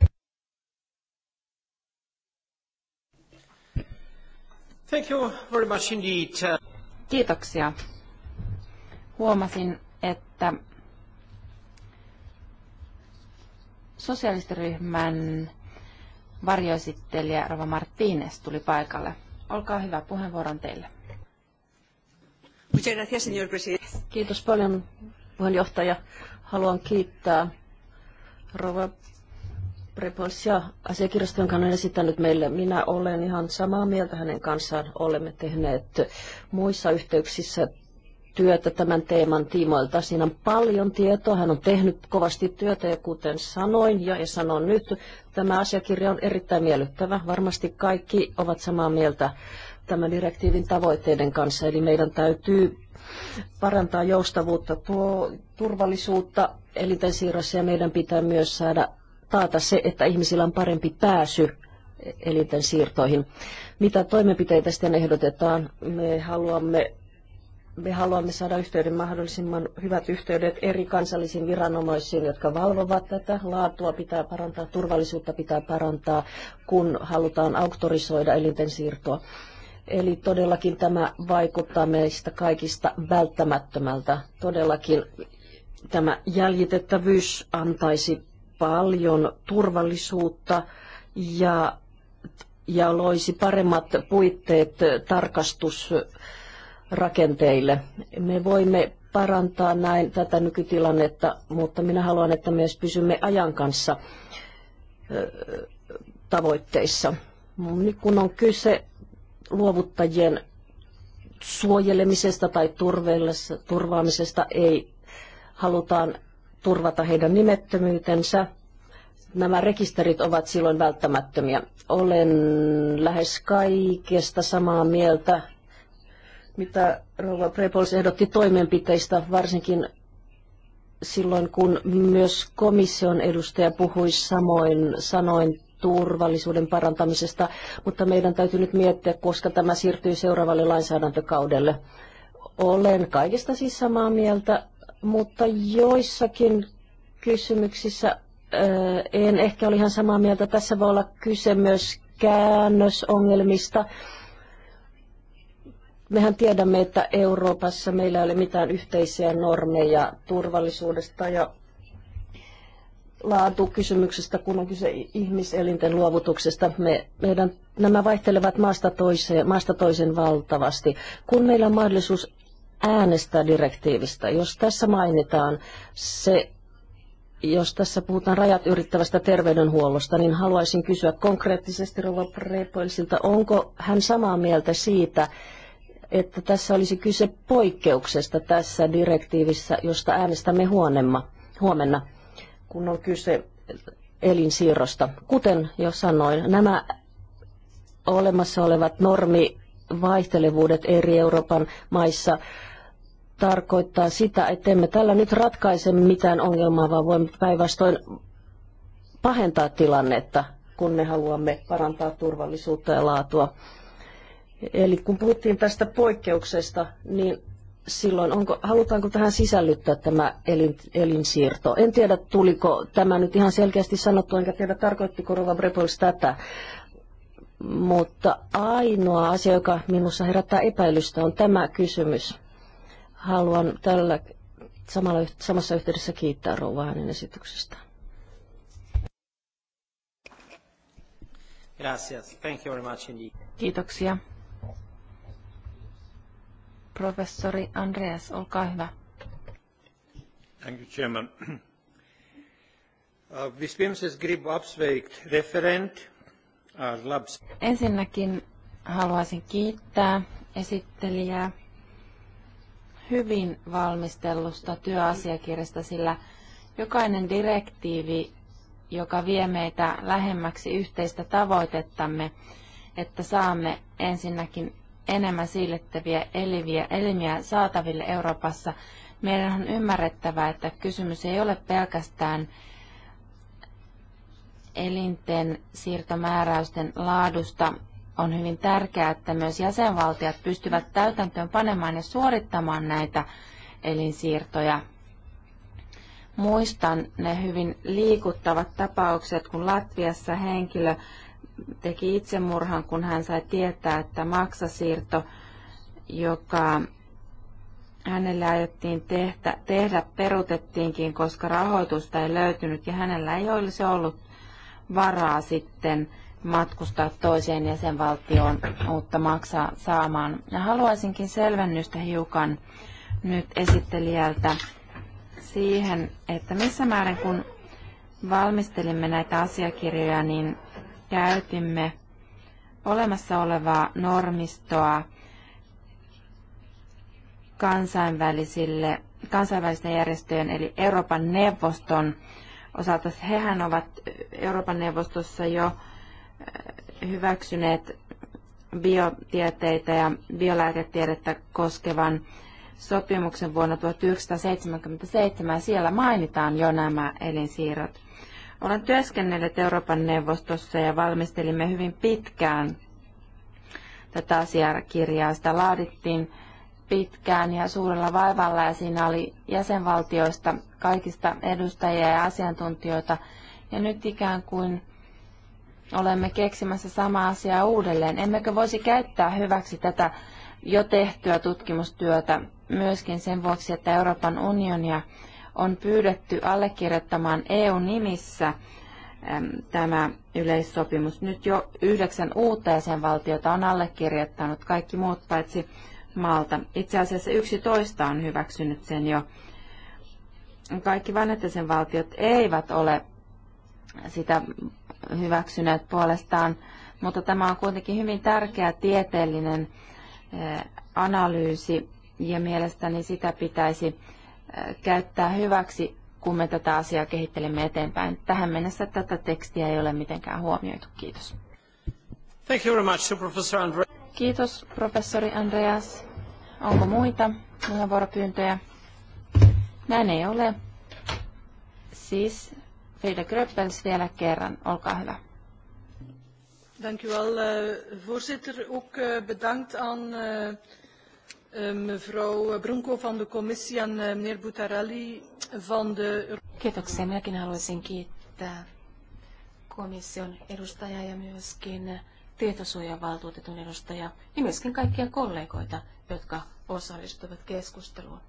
Thank you very much indeed. Uh, Kiitoksia. Huomasin, että sosiaalistiryhmän varjoesittelijä Rova Martínez tuli paikalle. Olkaa hyvä, puheenvuoron teille. Kiitos paljon, puheenjohtaja. Haluan kiittää Rova Prepons ja asiakirjasta, jonka on esittänyt meille. Minä olen ihan samaa mieltä hänen kanssaan. Olemme tehneet muissa yhteyksissä työtä tämän teeman tiimoilta. Siinä on paljon tietoa. Hän on tehnyt kovasti työtä ja kuten sanoin ja, ja sanon nyt, tämä asiakirja on erittäin miellyttävä. Varmasti kaikki ovat samaa mieltä tämän direktiivin tavoitteiden kanssa. Eli meidän täytyy parantaa joustavuutta, tuo turvallisuutta elintensiirrossa ja meidän pitää myös saada taata se, että ihmisillä on parempi pääsy elinten siirtoihin. Mitä toimenpiteitä sitten ehdotetaan? Me haluamme me haluamme saada yhteyden mahdollisimman hyvät yhteydet eri kansallisiin viranomaisiin, jotka valvovat tätä. Laatua pitää parantaa, turvallisuutta pitää parantaa, kun halutaan auktorisoida elinten siirtoa. Eli todellakin tämä vaikuttaa meistä kaikista välttämättömältä. Todellakin tämä jäljitettävyys antaisi paljon turvallisuutta ja, ja loisi paremmat puitteet tarkastusrakenteille. Me voimme parantaa näin tätä nykytilannetta, mutta minä haluan, että myös pysymme ajan kanssa tavoitteissa. Nyt kun on kyse luovuttajien suojelemisesta tai turvaamisesta ei halutaan turvata heidän nimettömyytensä. Nämä rekisterit ovat silloin välttämättömiä. Olen lähes kaikesta samaa mieltä, mitä Rova Prepols ehdotti toimenpiteistä, varsinkin silloin kun myös komission edustaja puhui samoin sanoin turvallisuuden parantamisesta, mutta meidän täytyy nyt miettiä, koska tämä siirtyy seuraavalle lainsäädäntökaudelle. Olen kaikista siis samaa mieltä, mutta joissakin kysymyksissä eh, en ehkä ole ihan samaa mieltä. Tässä voi olla kyse myös käännösongelmista. Mehän tiedämme, että Euroopassa meillä ei ole mitään yhteisiä normeja turvallisuudesta ja laatukysymyksestä, kun on kyse ihmiselinten luovutuksesta. Me, meidän, nämä vaihtelevat maasta, toiseen, maasta toisen valtavasti. Kun meillä on mahdollisuus äänestää direktiivistä, jos tässä mainitaan se, jos tässä puhutaan rajat yrittävästä terveydenhuollosta, niin haluaisin kysyä konkreettisesti Rova Prepoilsilta, onko hän samaa mieltä siitä, että tässä olisi kyse poikkeuksesta tässä direktiivissä, josta äänestämme huonemma, huomenna kun on kyse elinsiirrosta. Kuten jo sanoin, nämä olemassa olevat normivaihtelevuudet eri Euroopan maissa tarkoittaa sitä, että emme tällä nyt ratkaise mitään ongelmaa, vaan voimme päinvastoin pahentaa tilannetta, kun me haluamme parantaa turvallisuutta ja laatua. Eli kun puhuttiin tästä poikkeuksesta, niin silloin, onko, halutaanko tähän sisällyttää tämä elin, elinsiirto? En tiedä, tuliko tämä nyt ihan selkeästi sanottu, enkä tiedä, tarkoittiko Rova Brepols tätä. Mutta ainoa asia, joka minussa herättää epäilystä, on tämä kysymys. Haluan tällä samalla, samassa yhteydessä kiittää Rova hänen esityksestä. Gracias. Thank you very much indeed. Kiitoksia. Professori Andreas, olkaa hyvä. Thank you, Chairman. (clears throat) Uh, uh, ensinnäkin haluaisin kiittää esittelijää hyvin valmistellusta työasiakirjasta, sillä jokainen direktiivi, joka vie meitä lähemmäksi yhteistä tavoitettamme, että saamme ensinnäkin enemmän siirrettäviä eliviä elimiä saataville Euroopassa, meidän on ymmärrettävä, että kysymys ei ole pelkästään elinten siirtomääräysten laadusta. On hyvin tärkeää, että myös jäsenvaltiot pystyvät täytäntöön panemaan ja suorittamaan näitä elinsiirtoja. Muistan ne hyvin liikuttavat tapaukset, kun Latviassa henkilö teki itsemurhan, kun hän sai tietää, että maksasiirto, joka hänelle aiottiin tehtä, tehdä, perutettiinkin, koska rahoitusta ei löytynyt ja hänellä ei olisi ollut varaa sitten matkustaa toiseen jäsenvaltioon uutta maksaa saamaan. Ja haluaisinkin selvennystä hiukan nyt esittelijältä siihen, että missä määrin kun valmistelimme näitä asiakirjoja, niin käytimme olemassa olevaa normistoa kansainvälisille, kansainvälisten järjestöjen eli Euroopan neuvoston osalta. Hehän ovat Euroopan neuvostossa jo äh, hyväksyneet biotieteitä ja biolääketiedettä koskevan sopimuksen vuonna 1977. Siellä mainitaan jo nämä elinsiirrot. Olen työskennellyt Euroopan neuvostossa ja valmistelimme hyvin pitkään tätä asiakirjaa. Sitä laadittiin pitkään ja suurella vaivalla ja siinä oli jäsenvaltioista kaikista edustajia ja asiantuntijoita. Ja nyt ikään kuin olemme keksimässä sama asia uudelleen. Emmekö voisi käyttää hyväksi tätä jo tehtyä tutkimustyötä myöskin sen vuoksi, että Euroopan unionia on pyydetty allekirjoittamaan EU-nimissä tämä yleissopimus. Nyt jo yhdeksän uutta jäsenvaltiota on allekirjoittanut, kaikki muut paitsi maalta Itse asiassa toista on hyväksynyt sen jo. Kaikki vanhat jäsenvaltiot eivät ole sitä hyväksyneet puolestaan, mutta tämä on kuitenkin hyvin tärkeä tieteellinen analyysi ja mielestäni sitä pitäisi käyttää hyväksi, kun me tätä asiaa kehittelemme eteenpäin. Tähän mennessä tätä tekstiä ei ole mitenkään huomioitu. Kiitos. Thank you very much, professor Andre- Kiitos, professori Andreas. Onko muita puheenvuoropyyntöjä? Näin ei ole. Siis Frida Gröppels vielä kerran, olkaa hyvä. Dank u wel, eh, voorzitter. Ook eh, bedankt aan eh, Eh, mevrouw Brunko van de commissie en eh, meneer Butarelli van de... Kiitoksia. Minäkin haluaisin kiittää komission edustajaa ja myöskin eh, tietosuojavaltuutetun edustajaa ja myöskin kaikkia kollegoita, jotka osallistuvat keskusteluun.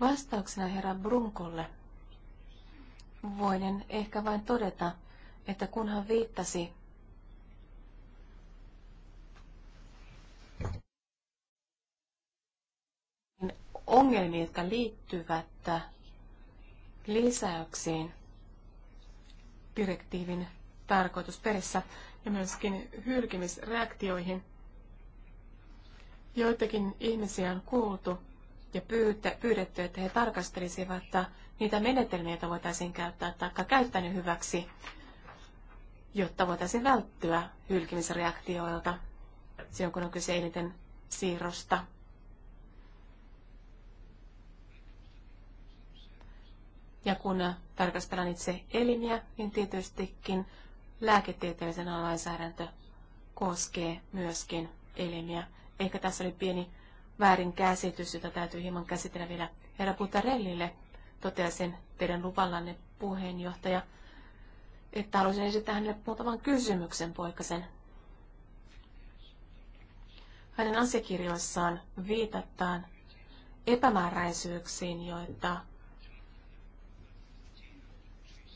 Vastauksena herra Brunkolle voinen ehkä vain todeta, että kun hän viittasi ongelmia, jotka liittyvät lisäyksiin direktiivin tarkoitusperissä ja myöskin hylkimisreaktioihin. Joitakin ihmisiä on kuultu ja pyydetty, että he tarkastelisivat niitä menetelmiä, joita voitaisiin käyttää tai käyttää ne hyväksi, jotta voitaisiin välttyä hylkimisreaktioilta silloin, kun on kyse eniten siirrosta Ja kun tarkastellaan itse elimiä, niin tietystikin lääketieteellisen lainsäädäntö koskee myöskin elimiä. Ehkä tässä oli pieni väärinkäsitys, jota täytyy hieman käsitellä vielä herra Putarellille. Toteaisin teidän luvallanne puheenjohtaja, että haluaisin esittää hänelle muutaman kysymyksen poikasen. Hänen asiakirjoissaan viitataan epämääräisyyksiin, joita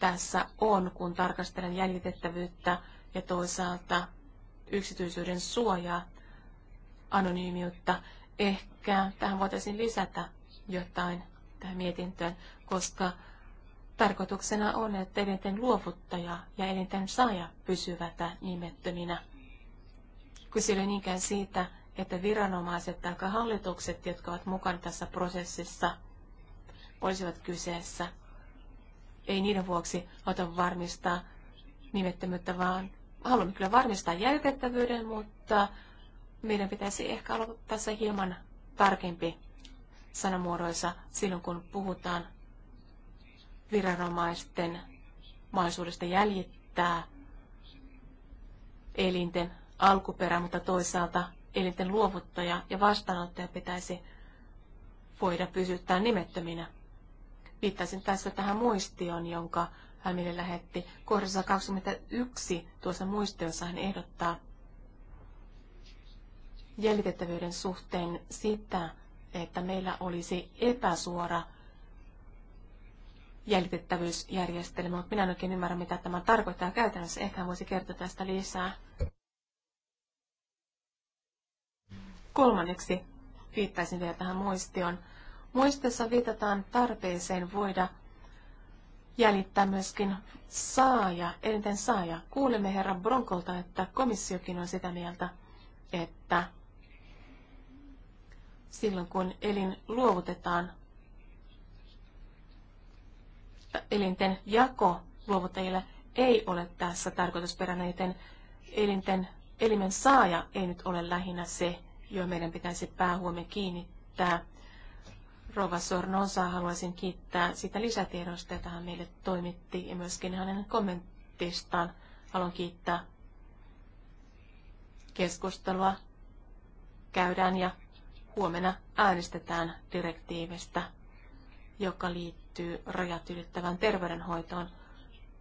tässä on, kun tarkastelen jäljitettävyyttä ja toisaalta yksityisyyden suojaa, anonyymiutta. Ehkä tähän voitaisiin lisätä jotain tähän mietintöön, koska tarkoituksena on, että elinten luovuttaja ja elinten saaja pysyvät nimettöminä. Kyse ei niinkään siitä, että viranomaiset tai hallitukset, jotka ovat mukana tässä prosessissa, olisivat kyseessä – ei niiden vuoksi auta varmistaa nimettömyyttä, vaan haluamme kyllä varmistaa jäykettävyyden, mutta meidän pitäisi ehkä olla tässä hieman tarkempi sanamuodoissa silloin, kun puhutaan viranomaisten mahdollisuudesta jäljittää elinten alkuperä, mutta toisaalta elinten luovuttaja ja vastaanottaja pitäisi voida pysyttää nimettöminä. Viittaisin tässä tähän muistioon, jonka hän meille lähetti. Kohdassa 21 tuossa muistiossa hän ehdottaa jäljitettävyyden suhteen sitä, että meillä olisi epäsuora jäljitettävyysjärjestelmä, mutta minä en oikein ymmärrä, mitä tämä tarkoittaa käytännössä. Ehkä voisi kertoa tästä lisää. Kolmanneksi viittaisin vielä tähän muistioon. Muistessa viitataan tarpeeseen voida jäljittää myöskin saaja, eniten saaja. Kuulemme herra Bronkolta, että komissiokin on sitä mieltä, että silloin kun elin luovutetaan, elinten jako luovuttajille ei ole tässä tarkoitusperänä, joten elinten, elimen saaja ei nyt ole lähinnä se, johon meidän pitäisi päähuomio kiinnittää. Rova Sornosa haluaisin kiittää sitä lisätiedosta, jota hän meille toimitti, ja myöskin hänen kommentistaan haluan kiittää. Keskustelua käydään ja huomenna äänestetään direktiivistä, joka liittyy rajat ylittävään terveydenhoitoon.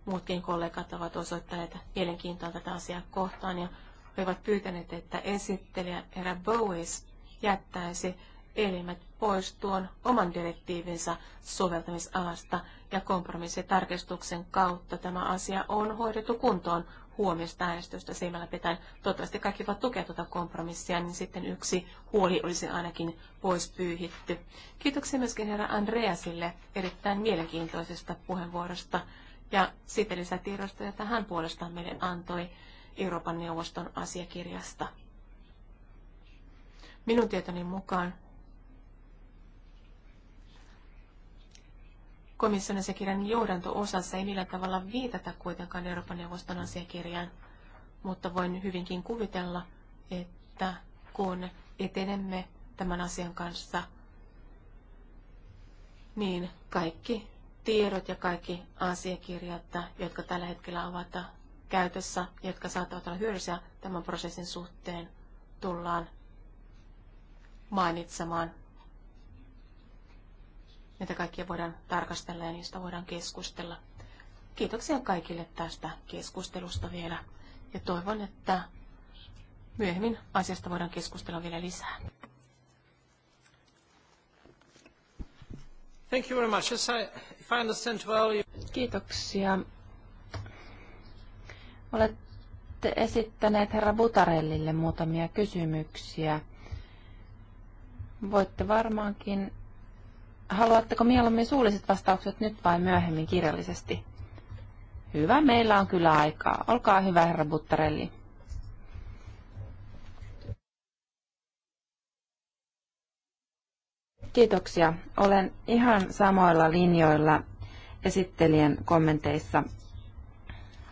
Muutkin kollegat ovat osoittaneet mielenkiintoa tätä asiaa kohtaan ja he ovat pyytäneet, että esittelijä Herra Bowies jättäisi elimet pois tuon oman direktiivinsä soveltamisalasta ja kompromissitarkistuksen kautta tämä asia on hoidettu kuntoon huomista äänestystä silmällä pitäen. Toivottavasti kaikki voivat tukea tuota kompromissia, niin sitten yksi huoli olisi ainakin pois pyyhitty. Kiitoksia myöskin herra Andreasille erittäin mielenkiintoisesta puheenvuorosta ja siitä lisätiedosta, jota hän puolestaan meille antoi Euroopan neuvoston asiakirjasta. Minun tietoni mukaan komission asiakirjan johdanto-osassa ei millään tavalla viitata kuitenkaan Euroopan neuvoston asiakirjaan, mutta voin hyvinkin kuvitella, että kun etenemme tämän asian kanssa, niin kaikki tiedot ja kaikki asiakirjat, jotka tällä hetkellä ovat käytössä, jotka saattavat olla hyödyllisiä tämän prosessin suhteen, tullaan mainitsemaan Niitä kaikkia voidaan tarkastella ja niistä voidaan keskustella. Kiitoksia kaikille tästä keskustelusta vielä ja toivon, että myöhemmin asiasta voidaan keskustella vielä lisää. Thank you very much. Yes, I, if I understand well, you... Kiitoksia. Olette esittäneet herra Butarellille muutamia kysymyksiä. Voitte varmaankin Haluatteko mieluummin suulliset vastaukset nyt vai myöhemmin kirjallisesti? Hyvä, meillä on kyllä aikaa. Olkaa hyvä, herra Buttarelli. Kiitoksia. Olen ihan samoilla linjoilla esittelijän kommenteissa.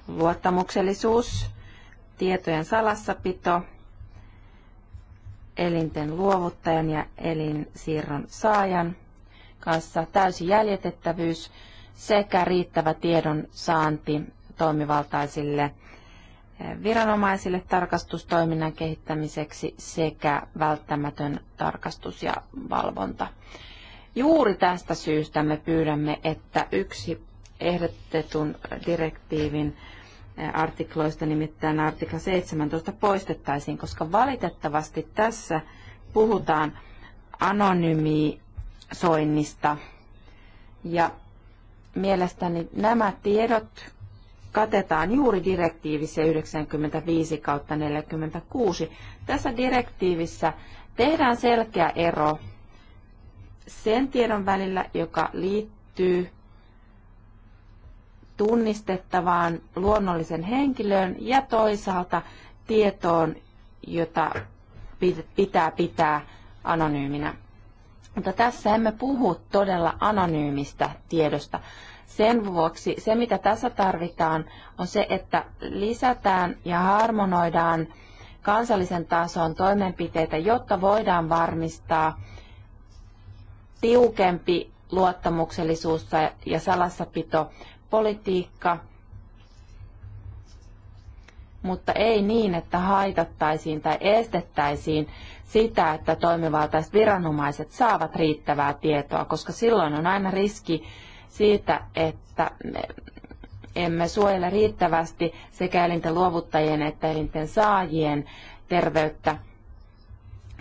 Luottamuksellisuus, tietojen salassapito, elinten luovuttajan ja elinsiirron saajan – kanssa täysi jäljitettävyys sekä riittävä tiedon saanti toimivaltaisille eh, viranomaisille tarkastustoiminnan kehittämiseksi sekä välttämätön tarkastus ja valvonta. Juuri tästä syystä me pyydämme, että yksi ehdotetun direktiivin eh, artikloista, nimittäin artikla 17, poistettaisiin, koska valitettavasti tässä puhutaan anonyymi soinnista. Ja mielestäni nämä tiedot katetaan juuri direktiivissä 95 kautta 46. Tässä direktiivissä tehdään selkeä ero sen tiedon välillä, joka liittyy tunnistettavaan luonnollisen henkilöön ja toisaalta tietoon, jota pitää pitää anonyyminä. Mutta tässä emme puhu todella anonyymistä tiedosta. Sen vuoksi se, mitä tässä tarvitaan, on se, että lisätään ja harmonoidaan kansallisen tason toimenpiteitä, jotta voidaan varmistaa tiukempi luottamuksellisuus ja salassapito politiikka, mutta ei niin, että haitattaisiin tai estettäisiin sitä, että toimivaltaiset viranomaiset saavat riittävää tietoa, koska silloin on aina riski siitä, että me emme suojele riittävästi sekä elinten luovuttajien että elinten saajien terveyttä.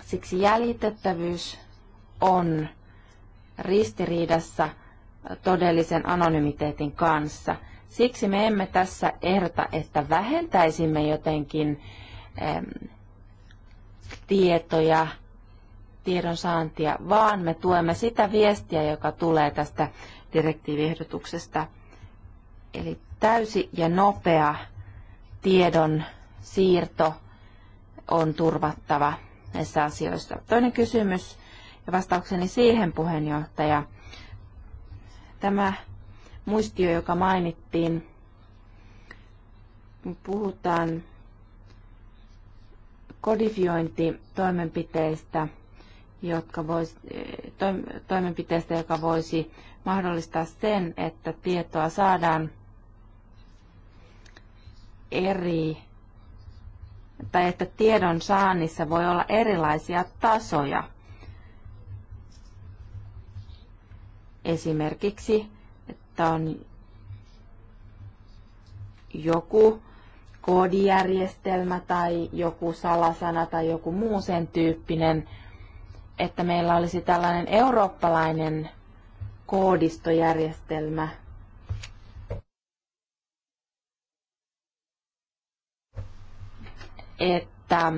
Siksi jäljitettävyys on ristiriidassa todellisen anonymiteetin kanssa. Siksi me emme tässä ehdota, että vähentäisimme jotenkin tietoja, tiedon saantia, vaan me tuemme sitä viestiä, joka tulee tästä direktiiviehdotuksesta. Eli täysi ja nopea tiedon siirto on turvattava näissä asioissa. Toinen kysymys ja vastaukseni siihen puheenjohtaja. Tämä muistio, joka mainittiin, puhutaan kodifiointitoimenpiteistä, jotka vois, toimenpiteistä, joka voisi mahdollistaa sen, että tietoa saadaan eri tai että tiedon saannissa voi olla erilaisia tasoja. Esimerkiksi, että on joku koodijärjestelmä tai joku salasana tai joku muu sen tyyppinen, että meillä olisi tällainen eurooppalainen koodistojärjestelmä. Että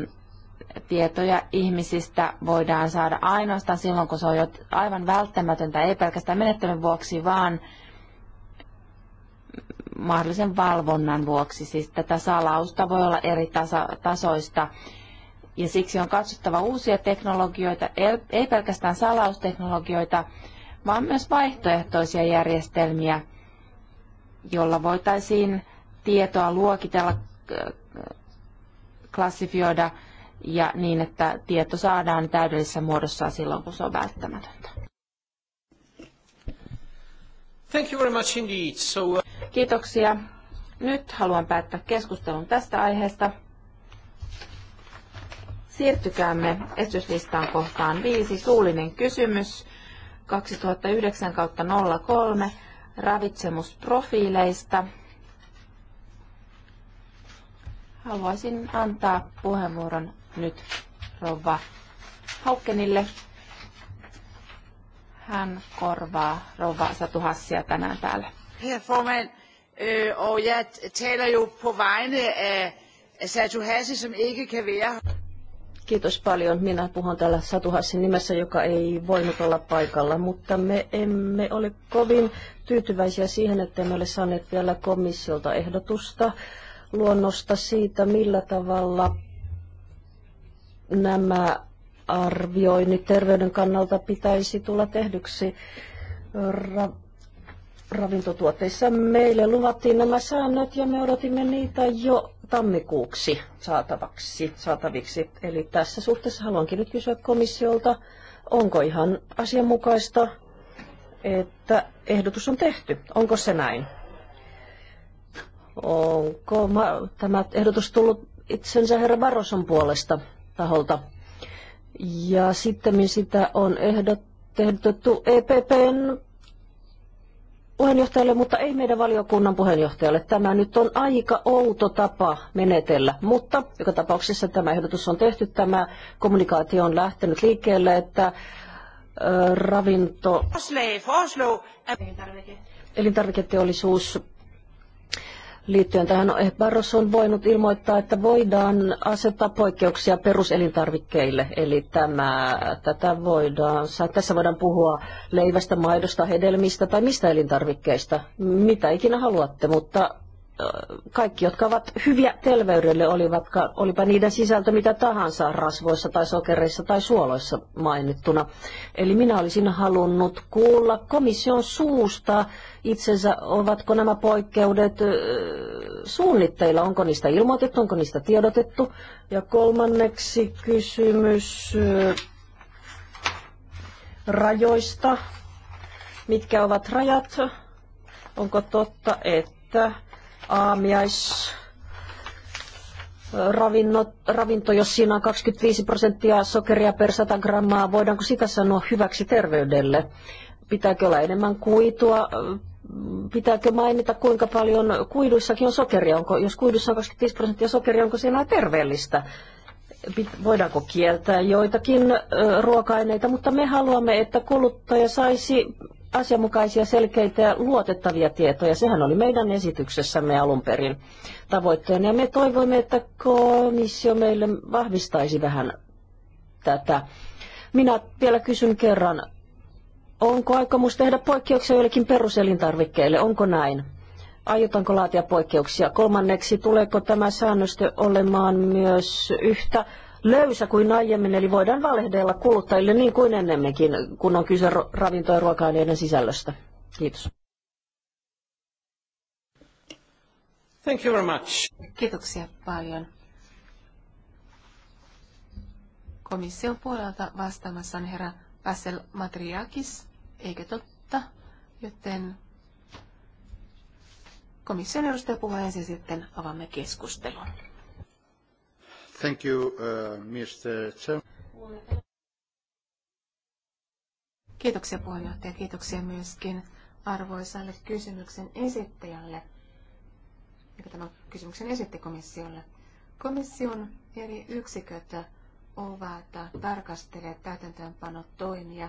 tietoja ihmisistä voidaan saada ainoastaan silloin, kun se on jo aivan välttämätöntä, ei pelkästään menettelyn vuoksi, vaan mahdollisen valvonnan vuoksi. Siis tätä salausta voi olla eri tasa, tasoista ja siksi on katsottava uusia teknologioita, ei pelkästään salausteknologioita, vaan myös vaihtoehtoisia järjestelmiä, jolla voitaisiin tietoa luokitella, klassifioida ja niin, että tieto saadaan täydellisessä muodossa silloin, kun se on välttämätöntä. Thank you very much indeed. So, uh... Kiitoksia. Nyt haluan päättää keskustelun tästä aiheesta. Siirtykäämme esityslistaan kohtaan viisi. Suullinen kysymys 2009 03 ravitsemusprofiileista. Haluaisin antaa puheenvuoron nyt rouva Haukkenille hän korvaa rouva Satu Hassia tänään täällä. Herr formand, øh, og jeg taler jo på vegne af Satu Hassi, som ikke kan være Kiitos paljon. Minä puhun täällä Satu Hassin nimessä, joka ei voinut olla paikalla, mutta me emme ole kovin tyytyväisiä siihen, että emme ole saaneet vielä komissiolta ehdotusta luonnosta siitä, millä tavalla nämä arvioinnit niin terveyden kannalta pitäisi tulla tehdyksi ra- ravintotuotteissa. Meille luvattiin nämä säännöt ja me odotimme niitä jo tammikuuksi saatavaksi, saataviksi. Eli tässä suhteessa haluankin nyt kysyä komissiolta, onko ihan asianmukaista, että ehdotus on tehty. Onko se näin? Onko tämä ehdotus tullut itsensä herra Barroson puolesta taholta? Ja sitten sitä on ehdotettu EPPn puheenjohtajalle, mutta ei meidän valiokunnan puheenjohtajalle. Tämä nyt on aika outo tapa menetellä, mutta joka tapauksessa tämä ehdotus on tehty. Tämä kommunikaatio on lähtenyt liikkeelle, että ravinto... Elintarviketeollisuus liittyen tähän eh, Barros on voinut ilmoittaa, että voidaan asettaa poikkeuksia peruselintarvikkeille. Eli tämä, tätä voidaan, tässä voidaan puhua leivästä, maidosta, hedelmistä tai mistä elintarvikkeista, mitä ikinä haluatte, mutta kaikki, jotka ovat hyviä terveydelle, olivat, olipa niiden sisältö mitä tahansa rasvoissa tai sokereissa tai suoloissa mainittuna. Eli minä olisin halunnut kuulla komission suusta itsensä, ovatko nämä poikkeudet suunnitteilla, onko niistä ilmoitettu, onko niistä tiedotettu. Ja kolmanneksi kysymys rajoista. Mitkä ovat rajat? Onko totta, että aamiais ravinno, ravinto, jos siinä on 25 prosenttia sokeria per 100 grammaa, voidaanko sitä sanoa hyväksi terveydelle? Pitääkö olla enemmän kuitua? Pitääkö mainita, kuinka paljon kuiduissakin on sokeria? Onko, jos kuiduissa on 25 prosenttia sokeria, onko siinä terveellistä? Voidaanko kieltää joitakin ruoka-aineita, mutta me haluamme, että kuluttaja saisi asianmukaisia, selkeitä ja luotettavia tietoja. Sehän oli meidän esityksessämme alun perin tavoitteena. Ja me toivoimme, että komissio meille vahvistaisi vähän tätä. Minä vielä kysyn kerran, onko aikomus tehdä poikkeuksia joillekin peruselintarvikkeille? Onko näin? Aiotaanko laatia poikkeuksia? Kolmanneksi, tuleeko tämä säännöstö olemaan myös yhtä löysä kuin aiemmin, eli voidaan valehdella kuluttajille niin kuin ennemminkin, kun on kyse ravinto- ja ruoka sisällöstä. Kiitos. Thank you very much. Kiitoksia paljon. Komission puolelta vastaamassa on herra Vassel Matriakis, eikö totta? Joten komission edustaja puhuu ensin sitten avaamme keskustelun. Thank you, uh, Mr. Chair. Kiitoksia puheenjohtaja, kiitoksia myöskin arvoisalle kysymyksen esittäjälle, mikä tämä kysymyksen esitti komissiolle. Komission eri yksiköt ovat tarkastelleet täytäntöönpanotoimia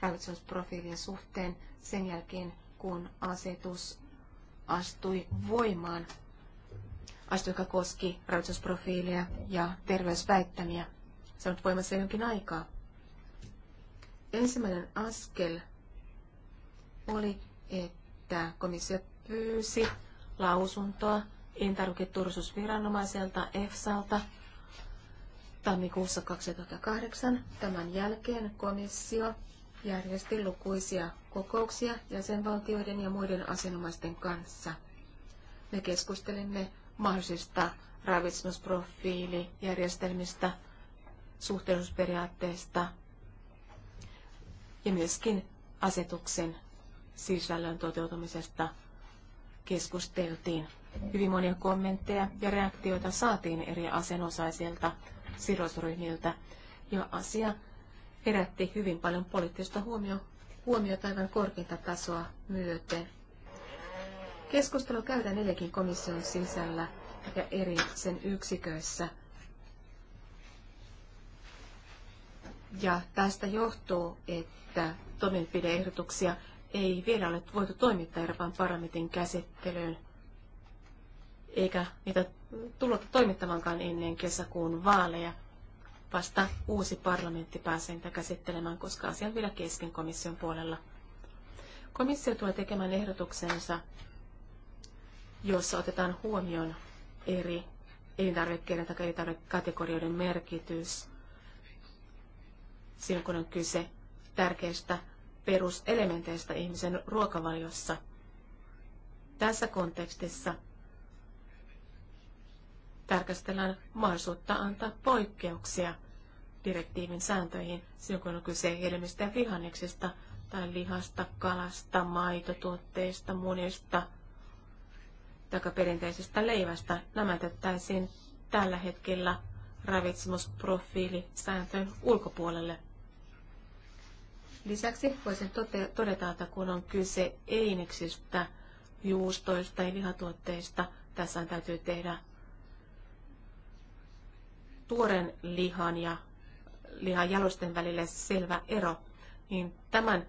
ravitsemusprofiilien suhteen sen jälkeen, kun asetus astui voimaan asioita, jotka koski rahoitusprofiilia ja terveysväittämiä. Se on nyt voimassa jonkin aikaa. Ensimmäinen askel oli, että komissio pyysi lausuntoa elintarviketurvallisuusviranomaiselta EFSAlta tammikuussa 2008. Tämän jälkeen komissio järjesti lukuisia kokouksia jäsenvaltioiden ja muiden asianomaisten kanssa. Me keskustelimme mahdollisista ravitsemusprofiilijärjestelmistä, suhteellisuusperiaatteista ja myöskin asetuksen sisällön toteutumisesta keskusteltiin. Hyvin monia kommentteja ja reaktioita saatiin eri asianosaisilta sidosryhmiltä ja asia herätti hyvin paljon poliittista huomio, huomiota aivan korkeinta tasoa myöten. Keskustelu käydään neljäkin komission sisällä ja eri sen yksiköissä. Ja tästä johtuu, että toimenpideehdotuksia ei vielä ole voitu toimittaa Euroopan parlamentin käsittelyyn, eikä niitä tullut toimittamankaan ennen kesäkuun vaaleja. Vasta uusi parlamentti pääsee niitä käsittelemään, koska asia on vielä kesken komission puolella. Komissio tulee tekemään ehdotuksensa jossa otetaan huomioon eri elintarvikkeiden tai elintarvikekategorioiden merkitys silloin, kun on kyse tärkeistä peruselementeistä ihmisen ruokavaliossa. Tässä kontekstissa tarkastellaan mahdollisuutta antaa poikkeuksia direktiivin sääntöihin silloin, kun on kyse hedelmistä ja vihanneksista tai lihasta, kalasta, maitotuotteista, munista – tai perinteisestä leivästä lämätettäisiin tällä hetkellä ravitsemusprofiilisääntöön ulkopuolelle. Lisäksi voisin tote- todeta, että kun on kyse eineksistä, juustoista ja lihatuotteista, tässä täytyy tehdä tuoren lihan ja lihan jalosten välille selvä ero, niin tämän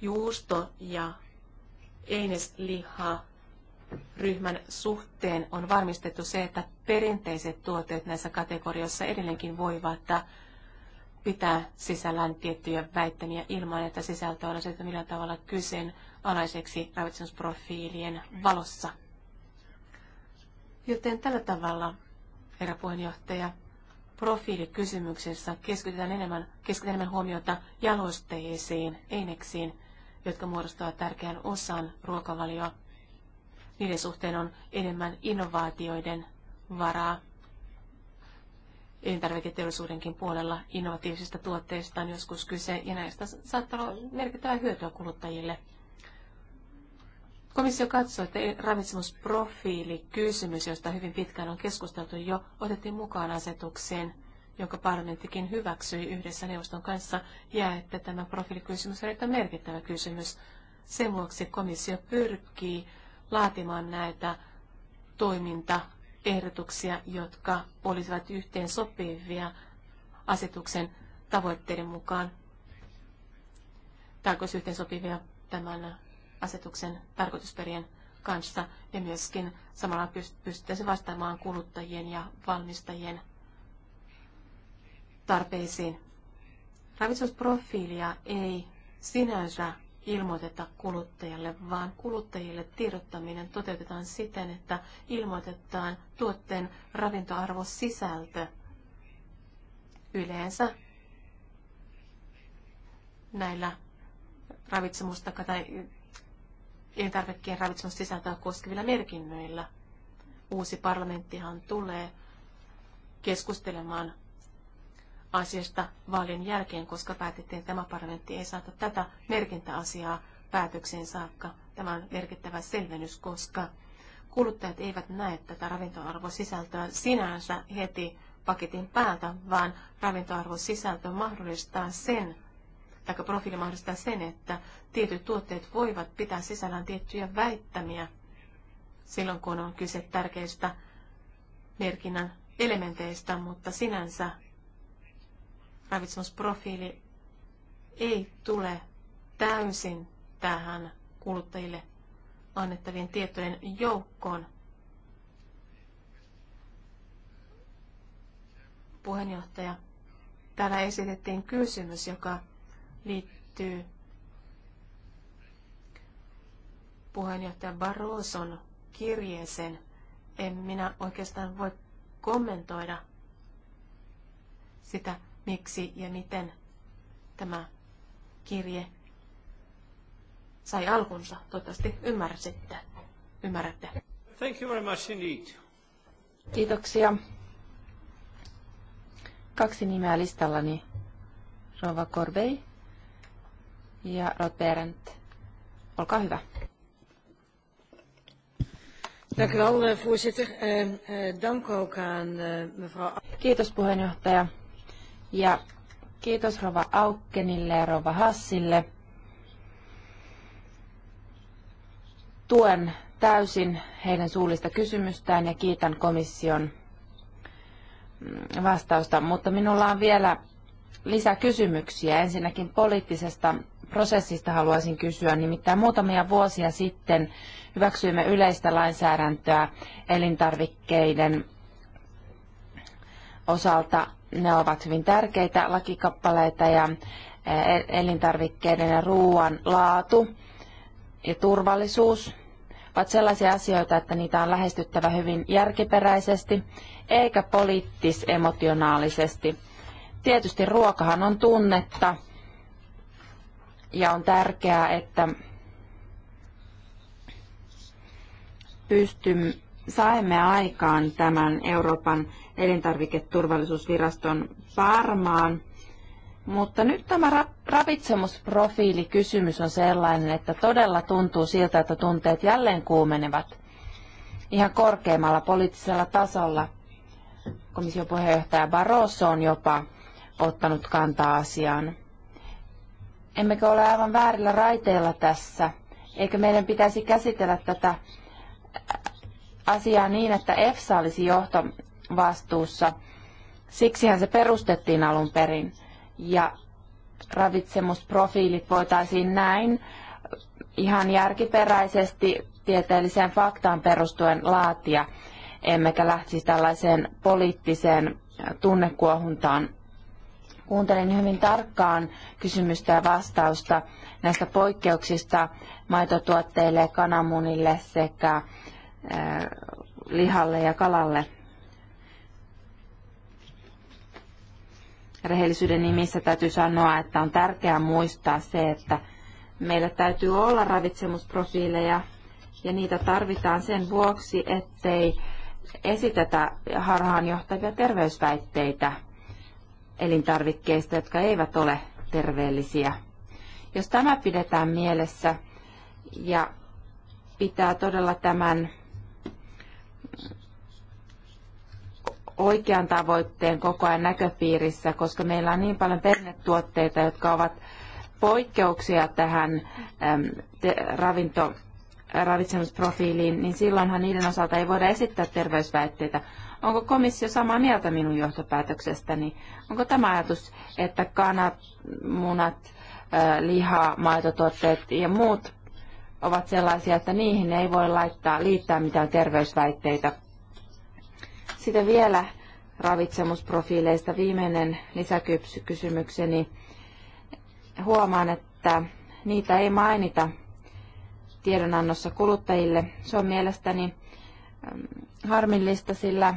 juusto ja einesliha ryhmän suhteen on varmistettu se, että perinteiset tuotteet näissä kategorioissa edelleenkin voivat pitää sisällään tiettyjä väittämiä ilman, että sisältö on asetettu millään tavalla kyseenalaiseksi ravitsemusprofiilien valossa. Joten tällä tavalla, herra puheenjohtaja, profiilikysymyksessä keskitytään enemmän, keskitytään enemmän huomiota jalosteisiin, eineksiin, jotka muodostavat tärkeän osan ruokavalioa niiden suhteen on enemmän innovaatioiden varaa elintarviketeollisuudenkin puolella innovatiivisista tuotteista on joskus kyse, ja näistä saattaa olla merkittävää hyötyä kuluttajille. Komissio katsoi, että ravitsemusprofiilikysymys, kysymys, josta hyvin pitkään on keskusteltu jo, otettiin mukaan asetukseen, jonka parlamenttikin hyväksyi yhdessä neuvoston kanssa, ja että tämä profiilikysymys on erittäin merkittävä kysymys. Sen vuoksi komissio pyrkii laatimaan näitä toimintaehdotuksia, jotka olisivat yhteen sopivia asetuksen tavoitteiden mukaan. olisi yhteen sopivia tämän asetuksen tarkoitusperien kanssa ja myöskin samalla pystyttäisiin vastaamaan kuluttajien ja valmistajien tarpeisiin. Ravitsemusprofiilia ei sinänsä ilmoiteta kuluttajalle, vaan kuluttajille tiedottaminen toteutetaan siten, että ilmoitetaan tuotteen ravintoarvosisältö. Yleensä näillä ravitsemusta tai elintarvikkeen ravitsemussisältöä koskevilla merkinnöillä. Uusi parlamenttihan tulee keskustelemaan asiasta vaalien jälkeen, koska päätettiin, että tämä parlamentti ei saata tätä merkintäasiaa päätökseen saakka. Tämä on merkittävä selvennys, koska kuluttajat eivät näe tätä ravintoarvosisältöä sinänsä heti paketin päältä, vaan ravintoarvosisältö mahdollistaa sen, tai profiili mahdollistaa sen, että tietyt tuotteet voivat pitää sisällään tiettyjä väittämiä silloin, kun on kyse tärkeistä merkinnän elementeistä, mutta sinänsä ravitsemusprofiili ei tule täysin tähän kuluttajille annettavien tietojen joukkoon. Puheenjohtaja, täällä esitettiin kysymys, joka liittyy puheenjohtaja Barroson kirjeeseen. En minä oikeastaan voi kommentoida sitä, miksi ja miten tämä kirje sai alkunsa. Toivottavasti ymmärsitte. Ymmärrätte. Thank you very much indeed. Kiitoksia. Kaksi nimeä listallani. Rova Corbey ja Rod Berendt. Olkaa hyvä. Dank u wel, eh, voorzitter. Eh, eh, dank ook aan mevrouw... Kiitos puheenjohtaja. Ja kiitos Rova Aukkenille ja Rova Hassille. Tuen täysin heidän suullista kysymystään ja kiitän komission mm, vastausta, mutta minulla on vielä lisäkysymyksiä. Ensinnäkin poliittisesta prosessista haluaisin kysyä. Nimittäin muutamia vuosia sitten hyväksyimme yleistä lainsäädäntöä elintarvikkeiden osalta ne ovat hyvin tärkeitä lakikappaleita ja eh, elintarvikkeiden ja ruoan laatu ja turvallisuus ovat sellaisia asioita, että niitä on lähestyttävä hyvin järkiperäisesti eikä poliittis-emotionaalisesti. Tietysti ruokahan on tunnetta ja on tärkeää, että pystymme, saimme aikaan tämän Euroopan elintarviketurvallisuusviraston Parmaan. Mutta nyt tämä ra- ravitsemusprofiilikysymys on sellainen, että todella tuntuu siltä, että tunteet jälleen kuumenevat ihan korkeammalla poliittisella tasolla. Komission puheenjohtaja Barroso on jopa ottanut kantaa asiaan. Emmekö ole aivan väärillä raiteilla tässä? Eikö meidän pitäisi käsitellä tätä asiaa niin, että EFSA olisi johto, vastuussa. Siksihän se perustettiin alun perin. Ja ravitsemusprofiilit voitaisiin näin ihan järkiperäisesti tieteelliseen faktaan perustuen laatia, emmekä lähtisi tällaiseen poliittiseen tunnekuohuntaan. Kuuntelin hyvin tarkkaan kysymystä ja vastausta näistä poikkeuksista maitotuotteille, kananmunille sekä eh, lihalle ja kalalle rehellisyyden nimissä täytyy sanoa, että on tärkeää muistaa se, että meillä täytyy olla ravitsemusprofiileja ja niitä tarvitaan sen vuoksi, ettei esitetä harhaanjohtavia terveysväitteitä elintarvikkeista, jotka eivät ole terveellisiä. Jos tämä pidetään mielessä ja pitää todella tämän oikean tavoitteen koko ajan näköpiirissä, koska meillä on niin paljon pernetuotteita, jotka ovat poikkeuksia tähän ravinto, ravitsemusprofiiliin, niin silloinhan niiden osalta ei voida esittää terveysväitteitä. Onko komissio samaa mieltä minun johtopäätöksestäni? Onko tämä ajatus, että kanat, munat, liha, maitotuotteet ja muut ovat sellaisia, että niihin ei voi laittaa, liittää mitään terveysväitteitä? Sitten vielä ravitsemusprofiileista viimeinen lisäkysymykseni. Huomaan, että niitä ei mainita tiedonannossa kuluttajille. Se on mielestäni mm, harmillista, sillä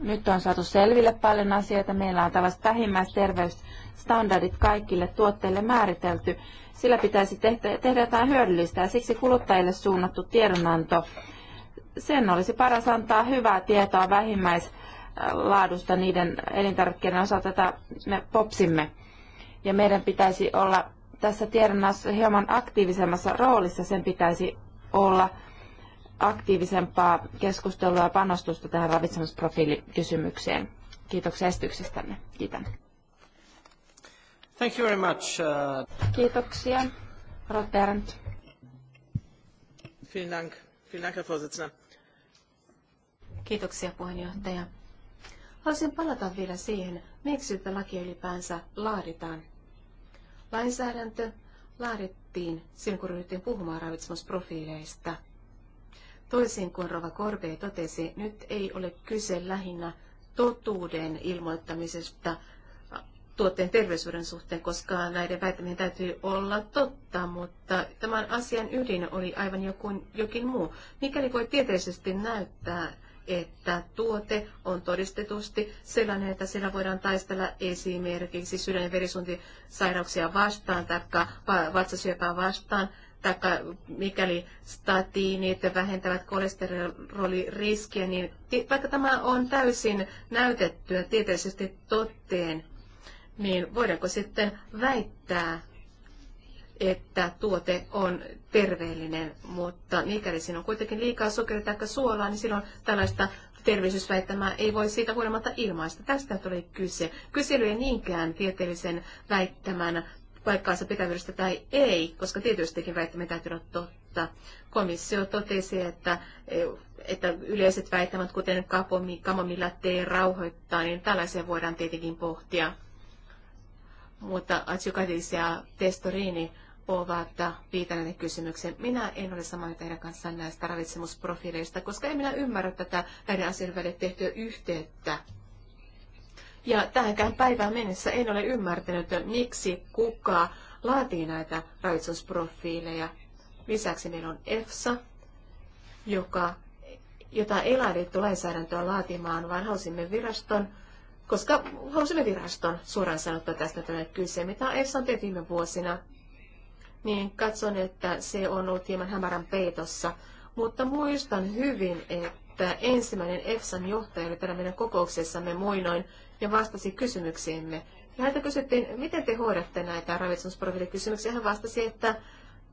nyt on saatu selville paljon asioita. Meillä on tällaiset vähimmäisterveysstandardit kaikille tuotteille määritelty. Sillä pitäisi tehdä, tehdä jotain hyödyllistä ja siksi kuluttajille suunnattu tiedonanto sen olisi paras antaa hyvää tietoa vähimmäislaadusta niiden elintarvikkeiden osalta, että me popsimme. Ja meidän pitäisi olla tässä tiedonnassa hieman aktiivisemmassa roolissa, sen pitäisi olla aktiivisempaa keskustelua ja panostusta tähän ravitsemusprofiilikysymykseen. Kiitoksia esityksestänne. Kiitän. Thank you very much. Uh... Kiitoksia. Rotterant. Vielen Dank. Vielen Dank, Herr Vorsitzender. Kiitoksia puheenjohtaja. Haluaisin palata vielä siihen, miksi tätä lakia ylipäänsä laaditaan. Lainsäädäntö laadittiin silloin, kun ryhdyttiin puhumaan ravitsemusprofiileista. Toisin kuin Rova Korbe totesi, nyt ei ole kyse lähinnä totuuden ilmoittamisesta äh, tuotteen terveysuuden suhteen, koska näiden väittämien täytyy olla totta, mutta tämän asian ydin oli aivan jokin, jokin muu. Mikäli voi tieteellisesti näyttää, että tuote on todistetusti sellainen, että sillä voidaan taistella esimerkiksi sydän- ja verisuontisairauksia vastaan tai vatsasyöpää vastaan, tai mikäli statiinit vähentävät kolesteroliriskiä, niin vaikka tämä on täysin näytettyä tieteellisesti totteen, niin voidaanko sitten väittää, että tuote on terveellinen, mutta mikäli siinä on kuitenkin liikaa sokeria tai suolaa, niin silloin tällaista terveellisyysväittämää ei voi siitä huolimatta ilmaista. Tästä tuli kyse. Kysely ei niinkään tieteellisen väittämän paikkaansa pitävyydestä tai ei, koska tietystikin väittämä täytyy olla totta. Komissio totesi, että, että yleiset väittämät, kuten kamomilla tee rauhoittaa, niin tällaisia voidaan tietenkin pohtia. Mutta Atsukadis ja Testorini ovat viitanneet kysymykseen. Minä en ole samaa teidän kanssa näistä ravitsemusprofiileista, koska en minä ymmärrä tätä näiden asioiden välillä tehtyä yhteyttä. Ja tähänkään päivään mennessä en ole ymmärtänyt, miksi kuka laatii näitä ravitsemusprofiileja. Lisäksi meillä on EFSA, joka, jota ei laadittu lainsäädäntöä laatimaan, vaan halusimme viraston, koska halusimme viraston suoraan sanottuna tästä tälle kyse, mitä EFSA on tehty viime vuosina niin katson, että se on ollut hieman hämärän peitossa. Mutta muistan hyvin, että ensimmäinen EFSAn johtaja oli täällä meidän kokouksessamme muinoin ja vastasi kysymyksiimme. Ja häntä kysyttiin, miten te hoidatte näitä ravitsemusprofiilikysymyksiä. Hän vastasi, että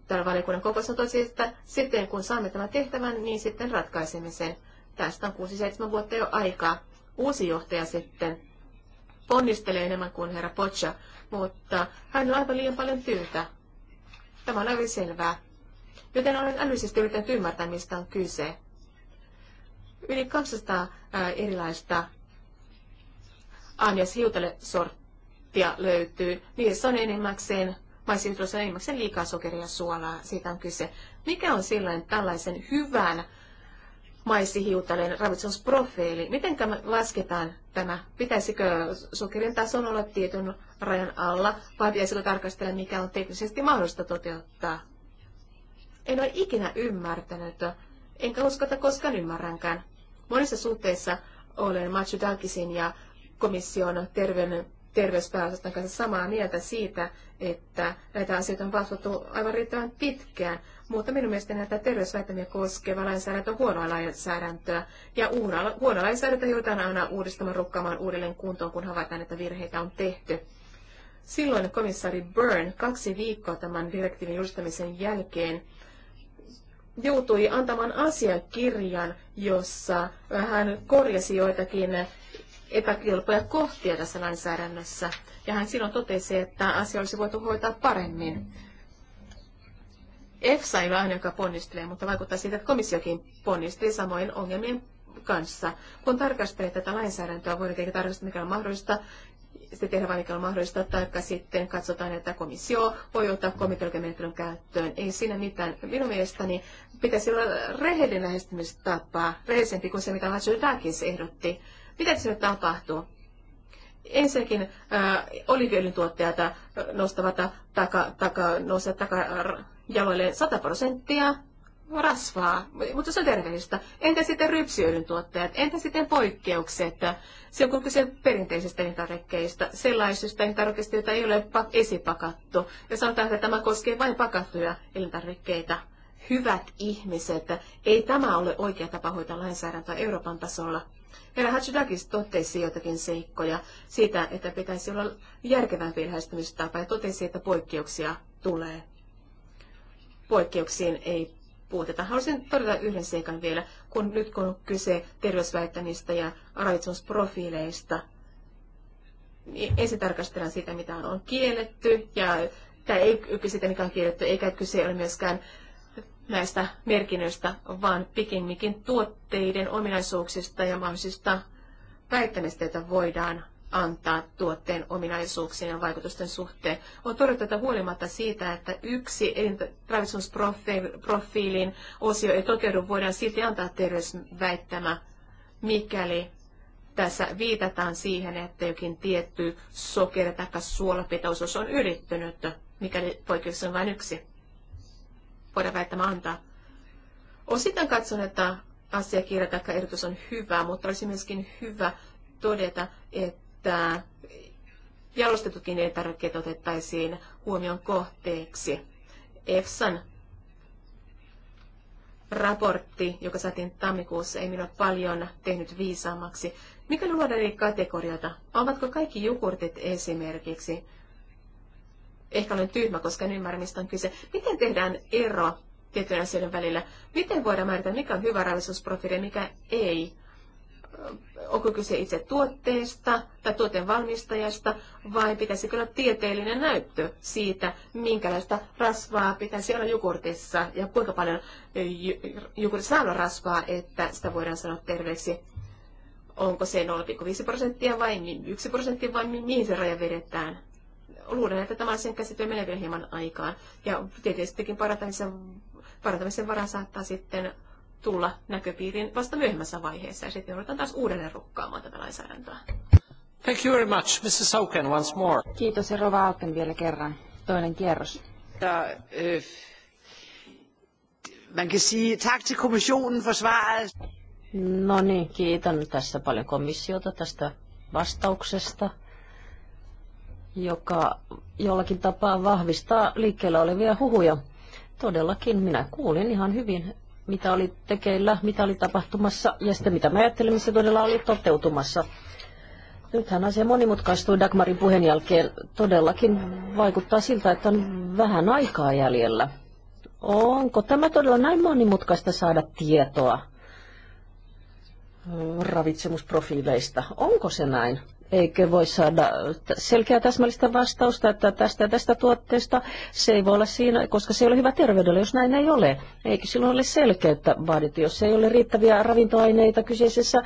täällä valiokunnan kokouksessa tosi, että sitten kun saamme tämän tehtävän, niin sitten ratkaisemme sen. Tästä on 6-7 vuotta jo aikaa. Uusi johtaja sitten ponnistelee enemmän kuin herra Pocha, mutta hän on aivan liian paljon työtä Tämä on aivan selvää. Joten olen älyisesti yrittänyt ymmärtää, mistä on kyse. Yli 200 erilaista Anjas sorttia löytyy. Niissä on enimmäkseen maisiutulossa on enimmäkseen liikaa sokeria ja suolaa. Siitä on kyse. Mikä on silloin tällaisen hyvän maissihiutaleen ravitsemusprofiili. Miten tämä lasketaan tämä? Pitäisikö sokerin tason olla tietyn rajan alla vai pitäisikö tarkastella, mikä on teknisesti mahdollista toteuttaa? En ole ikinä ymmärtänyt, enkä usko, että koskaan ymmärränkään. Monissa suhteissa olen Machu Dakisin ja komission terveyden terveyspääosaston kanssa samaa mieltä siitä, että näitä asioita on vastattu aivan riittävän pitkään, mutta minun mielestäni näitä terveysväittämiä koskeva lainsäädäntö on huonoa lainsäädäntöä, ja huono lainsäädäntö joudutaan aina uudistamaan rukkaamaan uudelleen kuntoon, kun havaitaan, että virheitä on tehty. Silloin komissaari Byrne kaksi viikkoa tämän direktiivin julistamisen jälkeen joutui antamaan asiakirjan, jossa hän korjasi joitakin epäkelpoja kohtia tässä lainsäädännössä. Ja hän silloin totesi, että asia olisi voitu hoitaa paremmin. EFSA ei ole aina, joka ponnistelee, mutta vaikuttaa siitä, että komissiokin ponnistelee samoin ongelmien kanssa. Kun tarkastelee tätä lainsäädäntöä, voidaan tietenkin tarkastella, mikä on mahdollista, sitten tehdä vain, mikä on mahdollista, tai sitten katsotaan, että komissio voi ottaa komiteologiamenettelyn käyttöön. Ei siinä mitään. Minun mielestäni pitäisi olla rehellinen lähestymistapa, rehellisempi kuin se, mitä Hatsudakis ehdotti. Mitä sille tapahtuu? Ensinnäkin äh, oliviöljyn tuottajat nostavat taka, taka, nousevat takajaloilleen 100 prosenttia rasvaa, mutta se on terveellistä. Entä sitten rypsiöljyn tuottajat? Entä sitten poikkeukset? Se on kyse perinteisistä elintarvikkeista, sellaisista elintarvikkeista, joita ei ole esipakattu. Ja sanotaan, että tämä koskee vain pakattuja elintarvikkeita hyvät ihmiset. Ei tämä ole oikea tapa hoitaa lainsäädäntöä Euroopan tasolla. Herra Hatsudakis totesi jotakin seikkoja siitä, että pitäisi olla järkevämpi lähestymistapa ja totesi, että poikkeuksia tulee. Poikkeuksiin ei puuteta. Haluaisin todeta yhden seikan vielä, kun nyt kun on kyse terveysväittämistä ja ravitsemusprofiileista, niin ensin tarkastellaan sitä, mitä on kielletty ja tämä ei kyse, mikä on kielletty, eikä kyse ole myöskään näistä merkinnöistä, vaan pikemminkin tuotteiden ominaisuuksista ja mahdollisista väittämistä, joita voidaan antaa tuotteen ominaisuuksien ja vaikutusten suhteen. On todettu, että huolimatta siitä, että yksi ravitsemusprofiilin osio ei toteudu, voidaan silti antaa terveysväittämä, mikäli tässä viitataan siihen, että jokin tietty sokeri- tai suolapitoisuus on yrittänyt mikäli poikkeus on vain yksi voida väittämä antaa. Osittain katson, että asiakirja tai ehdotus on hyvä, mutta olisi myöskin hyvä todeta, että jalostetutkin elintarvikkeet otettaisiin huomion kohteeksi. EFSAn raportti, joka saatiin tammikuussa, ei minua paljon tehnyt viisaammaksi. Mikä luodaan eri kategorioita? Ovatko kaikki jogurtit esimerkiksi Ehkä olen tyhmä, koska en ymmärrä, mistä on kyse. Miten tehdään ero tiettyjen asioiden välillä? Miten voidaan määritellä, mikä on hyvä rajallisuusprofiili ja mikä ei? Onko kyse itse tuotteesta tai tuotteen valmistajasta vai pitäisi olla tieteellinen näyttö siitä, minkälaista rasvaa pitäisi olla jogurtissa ja kuinka paljon jogurtissa on rasvaa, että sitä voidaan sanoa terveeksi onko se 0,5 prosenttia vai 1 prosentti vai mihin se raja vedetään luulen, että tämä asian käsittely menee vielä hieman aikaan. Ja tietystikin parantamisen, parantamisen varaa saattaa sitten tulla näköpiiriin vasta myöhemmässä vaiheessa ja sitten joudutaan taas uudelleen rukkaamaan tätä lainsäädäntöä. Thank you very much, Mrs. Sauken, once more. Kiitos ja Rova Auken vielä kerran. Toinen kierros. Ja, äh, man kan sige tak til kommissionen for svaret. No niin, kiitän tässä paljon komissiota tästä vastauksesta joka jollakin tapaa vahvistaa liikkeellä olevia huhuja. Todellakin minä kuulin ihan hyvin, mitä oli tekeillä, mitä oli tapahtumassa ja sitten mitä mä ajattelin, missä todella oli toteutumassa. Nythän asia monimutkaistui Dagmarin puheen jälkeen. Todellakin vaikuttaa siltä, että on vähän aikaa jäljellä. Onko tämä todella näin monimutkaista saada tietoa ravitsemusprofiileista? Onko se näin? Eikö voi saada selkeää täsmällistä vastausta, että tästä tästä tuotteesta se ei voi olla siinä, koska se ei ole hyvä terveydelle, jos näin ei ole. Eikö silloin ole selkeyttä vaadittu, jos ei ole riittäviä ravintoaineita kyseisessä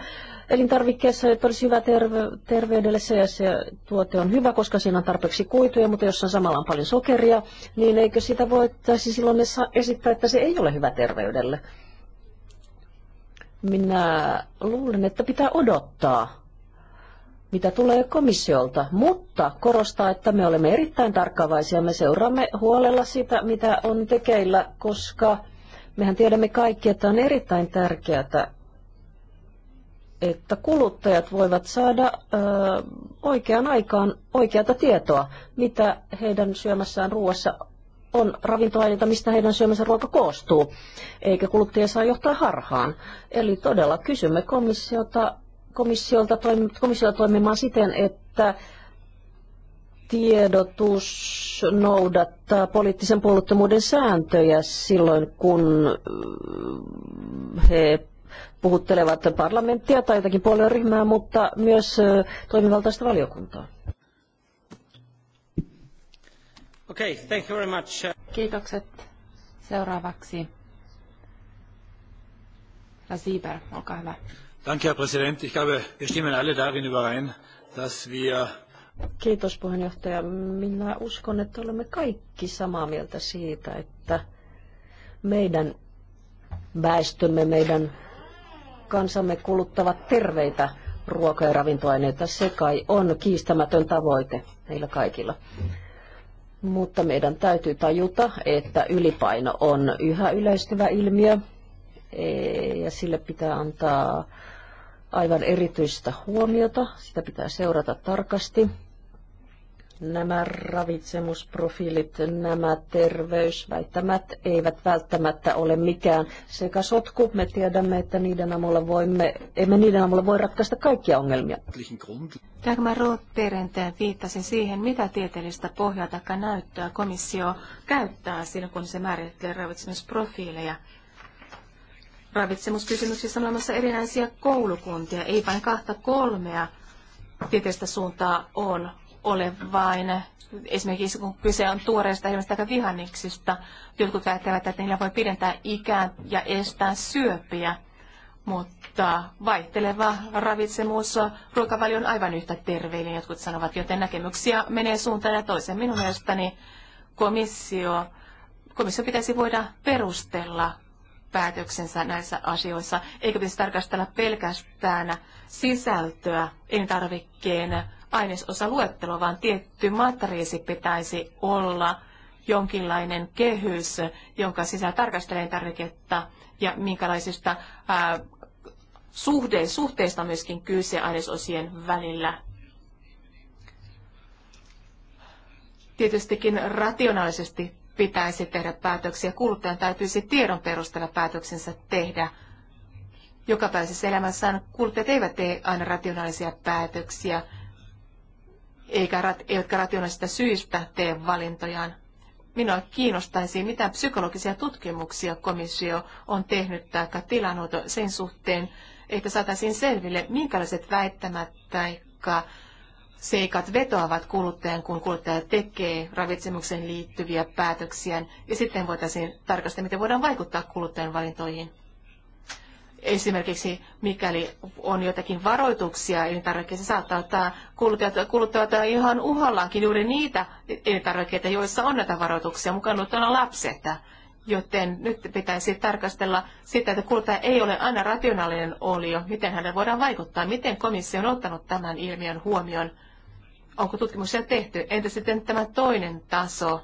elintarvikkeessa, että olisi hyvä terve- terveydelle se, ja se tuote on hyvä, koska siinä on tarpeeksi kuituja, mutta jos on samalla on paljon sokeria, niin eikö sitä voitaisi silloin esittää, että se ei ole hyvä terveydelle? Minä luulen, että pitää odottaa mitä tulee komissiolta, mutta korostaa, että me olemme erittäin tarkkaavaisia. Me seuraamme huolella sitä, mitä on tekeillä, koska mehän tiedämme kaikki, että on erittäin tärkeää, että kuluttajat voivat saada ö, oikeaan aikaan oikeata tietoa, mitä heidän syömässään ruoassa on ravintoaineita, mistä heidän syömänsä ruoka koostuu, eikä kuluttaja saa johtaa harhaan. Eli todella kysymme komissiota komissiolta komissiolta toimimaan siten, että tiedotus noudattaa poliittisen puolueettomuuden sääntöjä silloin, kun äh, he puhuttelevat parlamenttia tai jotakin puolueryhmää, mutta myös äh, toimivaltaista valiokuntaa. Okay, thank you very much. Kiitokset. Seuraavaksi Raziber, olkaa hyvä. Danke, Herr Präsident. Ich glaube, wir stimmen alle darin überein, dass wir Kiitos puheenjohtaja. Minä uskon, että olemme kaikki samaa mieltä siitä, että meidän väestömme, meidän kansamme kuluttavat terveitä ruoka- ja ravintoaineita. Se kai on kiistämätön tavoite meillä kaikilla. Mutta meidän täytyy tajuta, että ylipaino on yhä yleistyvä ilmiö e, ja sille pitää antaa aivan erityistä huomiota. Sitä pitää seurata tarkasti. Nämä ravitsemusprofiilit, nämä terveysväittämät eivät välttämättä ole mikään sekä sotku. Me tiedämme, että niiden avulla voimme, emme niiden avulla voi ratkaista kaikkia ongelmia. Dagmar roth viittasi siihen, mitä tieteellistä pohjaa tai näyttöä komissio käyttää silloin, kun se määrittelee ravitsemusprofiileja ravitsemuskysymyksissä on olemassa erinäisiä koulukuntia, ei vain kahta kolmea tieteellistä suuntaa on ole vain esimerkiksi kun kyse on tuoreista ilmeistä tai vihanneksista, jotkut väittävät, että niillä voi pidentää ikää ja estää syöpiä, mutta vaihteleva ravitsemus ruokavali on aivan yhtä terveellinen, jotkut sanovat, joten näkemyksiä menee suuntaan ja toiseen. Minun mielestäni komissio, komissio pitäisi voida perustella päätöksensä näissä asioissa, eikä pitäisi tarkastella pelkästään sisältöä elintarvikkeen ainesosaluettelo, vaan tietty matriisi pitäisi olla jonkinlainen kehys, jonka sisällä tarkastelee tarviketta ja minkälaisista ää, suhde, suhteista myöskin kyse ainesosien välillä. Tietystikin rationaalisesti pitäisi tehdä päätöksiä. Kuluttajan täytyisi tiedon perusteella päätöksensä tehdä. Jokapäiväisessä elämässään kuluttajat eivät tee aina rationaalisia päätöksiä, eikä rat, eivätkä rationaalisista syistä tee valintojaan. Minua kiinnostaisi, mitä psykologisia tutkimuksia komissio on tehnyt tai tilannut sen suhteen, että saataisiin selville, minkälaiset väittämät tai seikat vetoavat kuluttajan, kun kuluttaja tekee ravitsemukseen liittyviä päätöksiä, ja sitten voitaisiin tarkastaa, miten voidaan vaikuttaa kuluttajan valintoihin. Esimerkiksi mikäli on jotakin varoituksia elintarvikkeissa, saattaa ottaa kuluttajat, kuluttajat ihan uhallaankin juuri niitä elintarvikkeita, joissa on näitä varoituksia, mukaan luettuna lapset. Joten nyt pitäisi tarkastella sitä, että kuluttaja ei ole aina rationaalinen olio, miten hänelle voidaan vaikuttaa, miten komissio on ottanut tämän ilmiön huomioon Onko tutkimuksia tehty? Entä sitten tämä toinen taso?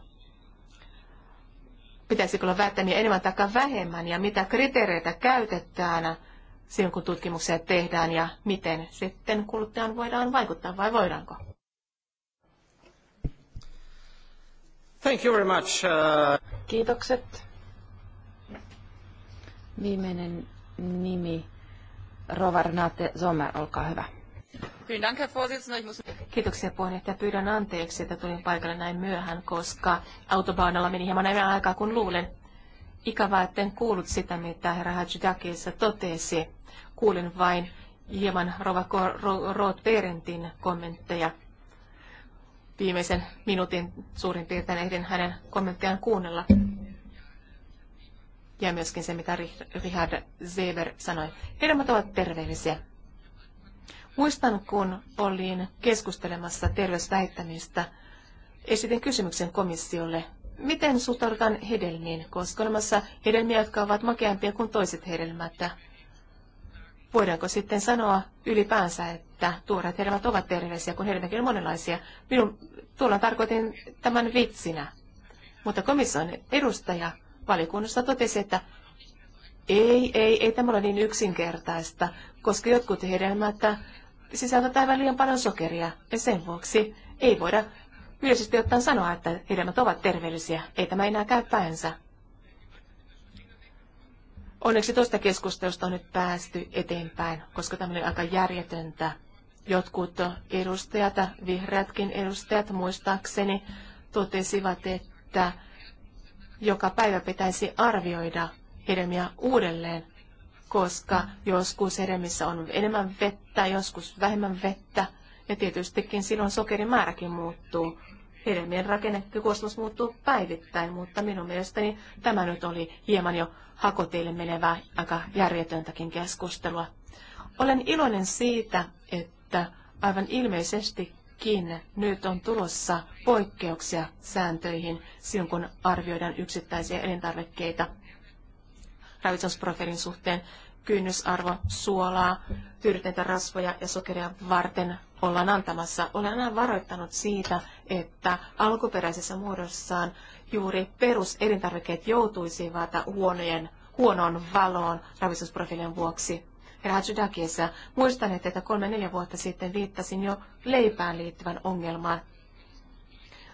Pitäisikö olla väittämiä enemmän tai vähemmän ja mitä kriteereitä käytetään silloin, kun tutkimuksia tehdään ja miten sitten kuluttajan voidaan vaikuttaa vai voidaanko? Thank you very much. Uh... Kiitokset. Viimeinen nimi. Rova Zomer. Sommer, olkaa hyvä. Kiitoksia puheenjohtaja. Pyydän anteeksi, että tulin paikalle näin myöhään, koska autobaanalla meni hieman enemmän aikaa kuin luulen. että etten kuullut sitä, mitä herra Hadjidakissa totesi. Kuulin vain hieman Rova Roth-Perentin kommentteja. Viimeisen minuutin suurin piirtein ehdin hänen kommenttejaan kuunnella. Ja myöskin se, mitä Richard Zeber sanoi. Hedelmät ovat terveellisiä Muistan, kun olin keskustelemassa terveysväittämistä, esitin kysymyksen komissiolle, miten suhtaudutaan hedelmiin, koska olemassa hedelmiä, jotka ovat makeampia kuin toiset hedelmät. Voidaanko sitten sanoa ylipäänsä, että tuoreet hedelmät ovat terveisiä kun hedelmäkin on monenlaisia? Minun tuolla tarkoitin tämän vitsinä. Mutta komission edustaja valikunnassa totesi, että ei, ei, ei tämä ole niin yksinkertaista, koska jotkut hedelmät sisältävät aivan liian paljon sokeria ja sen vuoksi ei voida yleisesti ottaen sanoa, että hedelmät ovat terveellisiä. Ei tämä enää käy päänsä. Onneksi tuosta keskustelusta on nyt päästy eteenpäin, koska tämä oli aika järjetöntä. Jotkut edustajat, vihreätkin edustajat muistaakseni, totesivat, että joka päivä pitäisi arvioida hedelmiä uudelleen koska joskus edemmissä on enemmän vettä, joskus vähemmän vettä. Ja tietystikin silloin sokerin määräkin muuttuu. Hedelmien rakennettu muuttuu päivittäin, mutta minun mielestäni tämä nyt oli hieman jo hakoteille menevää, aika järjetöntäkin keskustelua. Olen iloinen siitä, että aivan ilmeisestikin nyt on tulossa poikkeuksia sääntöihin silloin, kun arvioidaan yksittäisiä elintarvikkeita ravitsemusprofiilin suhteen kynnysarvo suolaa, tyydytteitä rasvoja ja sokeria varten ollaan antamassa. Olen aina varoittanut siitä, että alkuperäisessä muodossaan juuri peruselintarvikkeet joutuisivat huonojen, huonoon valoon ravitsemusprofiilin vuoksi. Rajudakiessa muistan, että kolme neljä vuotta sitten viittasin jo leipään liittyvän ongelmaan.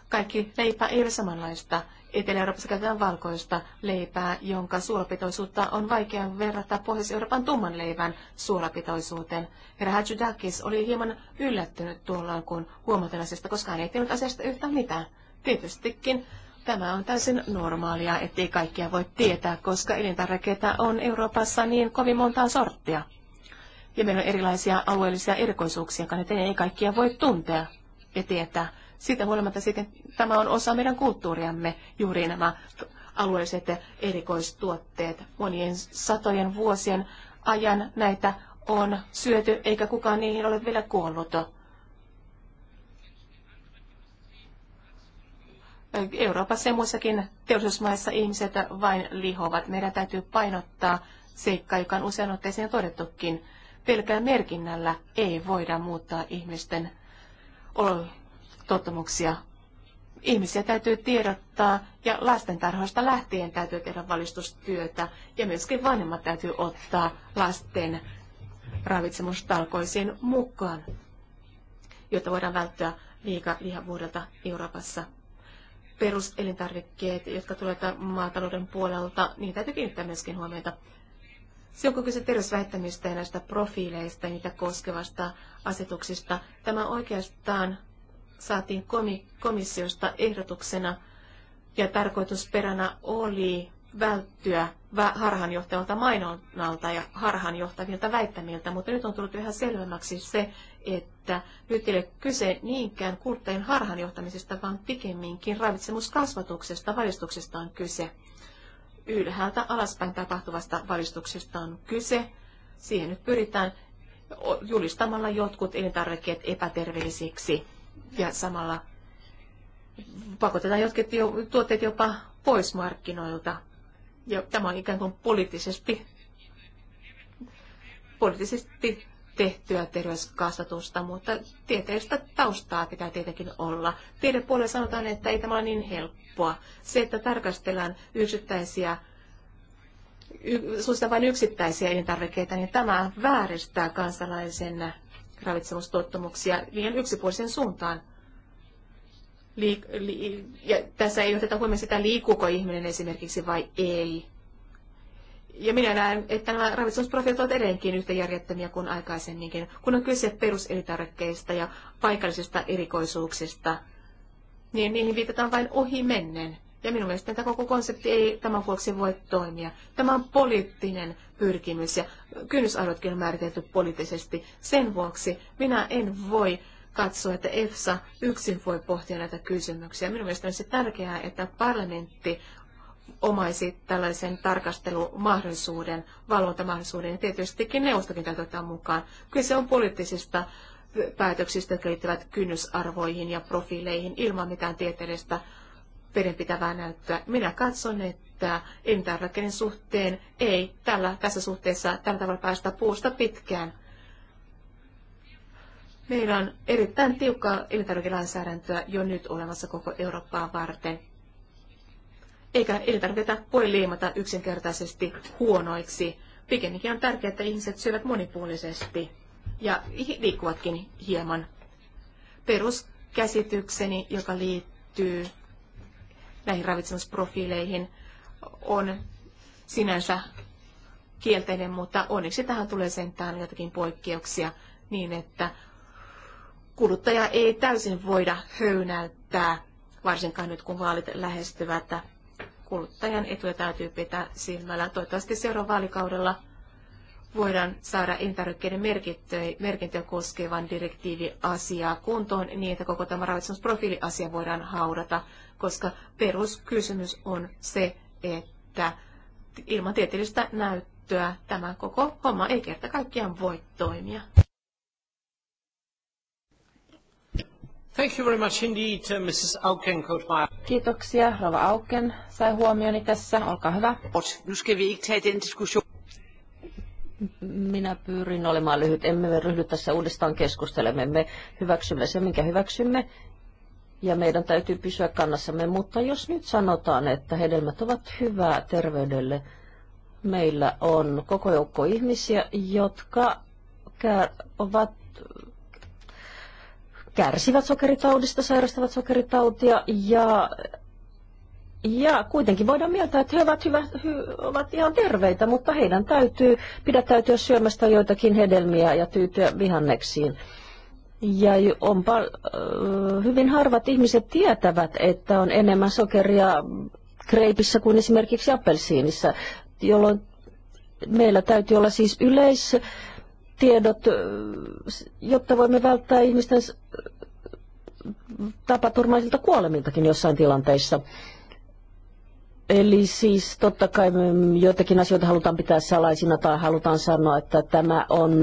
Kaikki leipä ei ole samanlaista Etelä-Euroopassa käytetään valkoista leipää, jonka suolapitoisuutta on vaikea verrata Pohjois-Euroopan tumman leivän suolapitoisuuteen. Herra Hadjudakis oli hieman yllättynyt tuollaan, kun huomaten asiasta, koska hän ei tiennyt asiasta yhtään mitään. Tietystikin tämä on täysin normaalia, ettei kaikkia voi tietää, koska elintarvikkeita on Euroopassa niin kovin montaa sorttia. Ja meillä on erilaisia alueellisia erikoisuuksia, jotka ei kaikkia voi tuntea ja tietää. Siitä huolimatta sitten tämä on osa meidän kulttuuriamme, juuri nämä alueelliset erikoistuotteet. Monien satojen vuosien ajan näitä on syöty, eikä kukaan niihin ole vielä kuollut. Euroopassa ja muissakin teollisuusmaissa ihmiset vain lihovat. Meidän täytyy painottaa seikka, joka on usein otteeseen todettukin. Pelkään merkinnällä ei voida muuttaa ihmisten tottumuksia. Ihmisiä täytyy tiedottaa ja lastentarhoista lähtien täytyy tehdä valistustyötä ja myöskin vanhemmat täytyy ottaa lasten ravitsemustalkoisiin mukaan, jotta voidaan välttyä liikalihavuudelta Euroopassa peruselintarvikkeet, jotka tulevat maatalouden puolelta, niin täytyy kiinnittää myöskin huomiota. Se on kyse terveysväittämistä ja näistä profiileista ja niitä koskevasta asetuksista. Tämä oikeastaan saatiin komissiosta ehdotuksena ja tarkoitusperänä oli välttyä harhaanjohtavalta mainonnalta ja harhaanjohtavilta väittämiltä, mutta nyt on tullut yhä selvemmäksi se, että nyt ei ole kyse niinkään kuluttajien harhanjohtamisesta, vaan pikemminkin ravitsemuskasvatuksesta, valistuksesta on kyse. Ylhäältä alaspäin tapahtuvasta valistuksesta on kyse. Siihen nyt pyritään julistamalla jotkut elintarvikkeet epäterveellisiksi ja samalla pakotetaan jotkut jo, tuotteet jopa pois markkinoilta. Ja tämä on ikään kuin poliittisesti, poliittisesti tehtyä terveyskasvatusta, mutta tieteellistä taustaa pitää tietenkin olla. Tiedepuolella sanotaan, että ei tämä ole niin helppoa. Se, että tarkastellaan yksittäisiä suosita vain yksittäisiä elintarvikkeita, niin tämä vääristää kansalaisen ravitsemustottumuksia liian yksipuolisen suuntaan. Liik- li- ja tässä ei oteta huomioon sitä, liikkuuko ihminen esimerkiksi vai ei. Ja minä näen, että nämä ravitsemusprofiilit ovat edelleenkin yhtä järjettömiä kuin aikaisemminkin, kun on kyse peruselintarvikkeista ja paikallisista erikoisuuksista. Niin niihin viitataan vain ohi mennen. Ja minun mielestäni tämä koko konsepti ei tämän vuoksi voi toimia. Tämä on poliittinen pyrkimys ja kynnysarvotkin on määritelty poliittisesti. Sen vuoksi minä en voi katsoa, että EFSA yksin voi pohtia näitä kysymyksiä. Minun mielestäni se tärkeää, että parlamentti omaisi tällaisen tarkastelumahdollisuuden, valvontamahdollisuuden ja tietystikin neuvostokin täytyy mukaan. mukaan. Kyse on poliittisista päätöksistä, jotka liittyvät kynnysarvoihin ja profiileihin ilman mitään tieteellistä vedenpitävää näyttöä. Minä katson, että elintarvikkeiden suhteen ei tällä, tässä suhteessa tällä tavalla päästä puusta pitkään. Meillä on erittäin tiukkaa elintarvikelainsäädäntöä jo nyt olemassa koko Eurooppaa varten. Eikä elintarvikkeita voi liimata yksinkertaisesti huonoiksi. Pikemminkin on tärkeää, että ihmiset syövät monipuolisesti ja liikkuvatkin hieman. Peruskäsitykseni, joka liittyy näihin ravitsemusprofiileihin on sinänsä kielteinen, mutta onneksi tähän tulee sentään jotakin poikkeuksia niin, että kuluttaja ei täysin voida höynäyttää, varsinkaan nyt kun vaalit lähestyvät. Kuluttajan etuja täytyy pitää silmällä. Toivottavasti seuraavalla vaalikaudella voidaan saada elintarvikkeiden merkintöjä koskevan direktiiviasiaa kuntoon niin, että koko tämä ravitsemusprofiiliasia voidaan haudata, koska peruskysymys on se, että ilman tieteellistä näyttöä tämä koko homma ei kerta kaikkiaan voi toimia. Thank you very much indeed, uh, Mrs. Auken, Kiitoksia, Rova Auken. Sai huomioni tässä. Olkaa hyvä. Nu skal vi ikke tage den diskussion. Minä pyrin olemaan lyhyt. Emme ryhdy tässä uudestaan keskustelemaan. Me hyväksymme sen, minkä hyväksymme ja meidän täytyy pysyä kannassamme. Mutta jos nyt sanotaan, että hedelmät ovat hyvää terveydelle, meillä on koko joukko ihmisiä, jotka kär, ovat, kärsivät sokeritaudista, sairastavat sokeritautia ja ja kuitenkin voidaan mieltää, että he ovat, hyvä, hy, ovat ihan terveitä, mutta heidän täytyy pidättäytyä syömästä joitakin hedelmiä ja tyytyä vihanneksiin. Ja on hyvin harvat ihmiset tietävät, että on enemmän sokeria kreipissä kuin esimerkiksi appelsiinissa, jolloin meillä täytyy olla siis yleistiedot, jotta voimme välttää ihmisten tapaturmaisilta kuolemiltakin jossain tilanteissa. Eli siis totta kai joitakin asioita halutaan pitää salaisina tai halutaan sanoa, että tämä on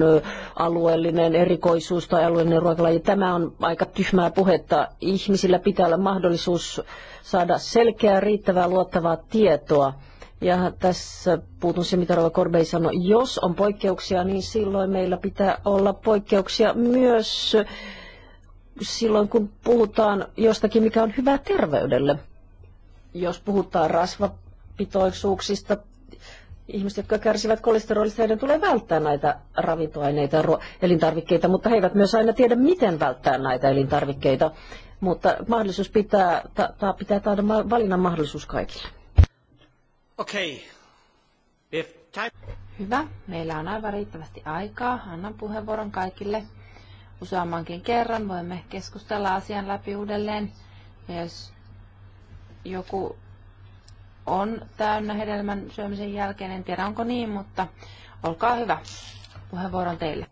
alueellinen erikoisuus tai alueellinen ruokalaji. Tämä on aika tyhmää puhetta. Ihmisillä pitää olla mahdollisuus saada selkeää, riittävää, luottavaa tietoa. Ja tässä puutun se, mitä Rova Korbei sanoi. Jos on poikkeuksia, niin silloin meillä pitää olla poikkeuksia myös silloin, kun puhutaan jostakin, mikä on hyvää terveydelle jos puhutaan rasvapitoisuuksista, ihmiset, jotka kärsivät kolesterolista, heidän tulee välttää näitä ravintoaineita, elintarvikkeita, mutta he eivät myös aina tiedä, miten välttää näitä elintarvikkeita. Mutta mahdollisuus pitää, ta, ta, pitää taida valinnan mahdollisuus kaikille. Okei. Okay. Time... Hyvä. Meillä on aivan riittävästi aikaa. Annan puheenvuoron kaikille useammankin kerran. Voimme keskustella asian läpi uudelleen. Ja jos joku on täynnä hedelmän syömisen jälkeen. En tiedä, onko niin, mutta olkaa hyvä. Puheenvuoron teille.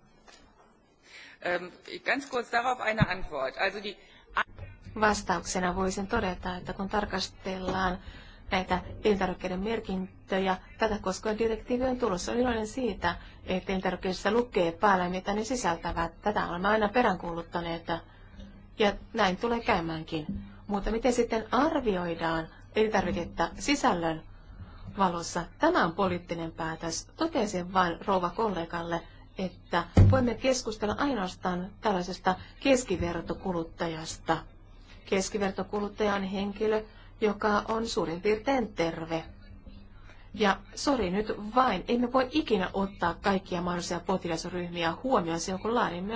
Ähm, ganz kurz darauf eine Antwort. Also die... Vastauksena voisin todeta, että kun tarkastellaan näitä elintarvikkeiden merkintöjä, tätä koskeva direktiivi on tulossa. Olen iloinen siitä, että elintarvikkeissa lukee päällä, mitä ne sisältävät. Tätä olemme aina peräänkuuluttaneet ja näin tulee käymäänkin mutta miten sitten arvioidaan elintarviketta sisällön valossa? Tämä on poliittinen päätös. Totesin vain rouva kollegalle, että voimme keskustella ainoastaan tällaisesta keskivertokuluttajasta. Keskivertokuluttaja on henkilö, joka on suurin piirtein terve. Ja sori nyt vain, emme voi ikinä ottaa kaikkia mahdollisia potilasryhmiä huomioon silloin, kun laadimme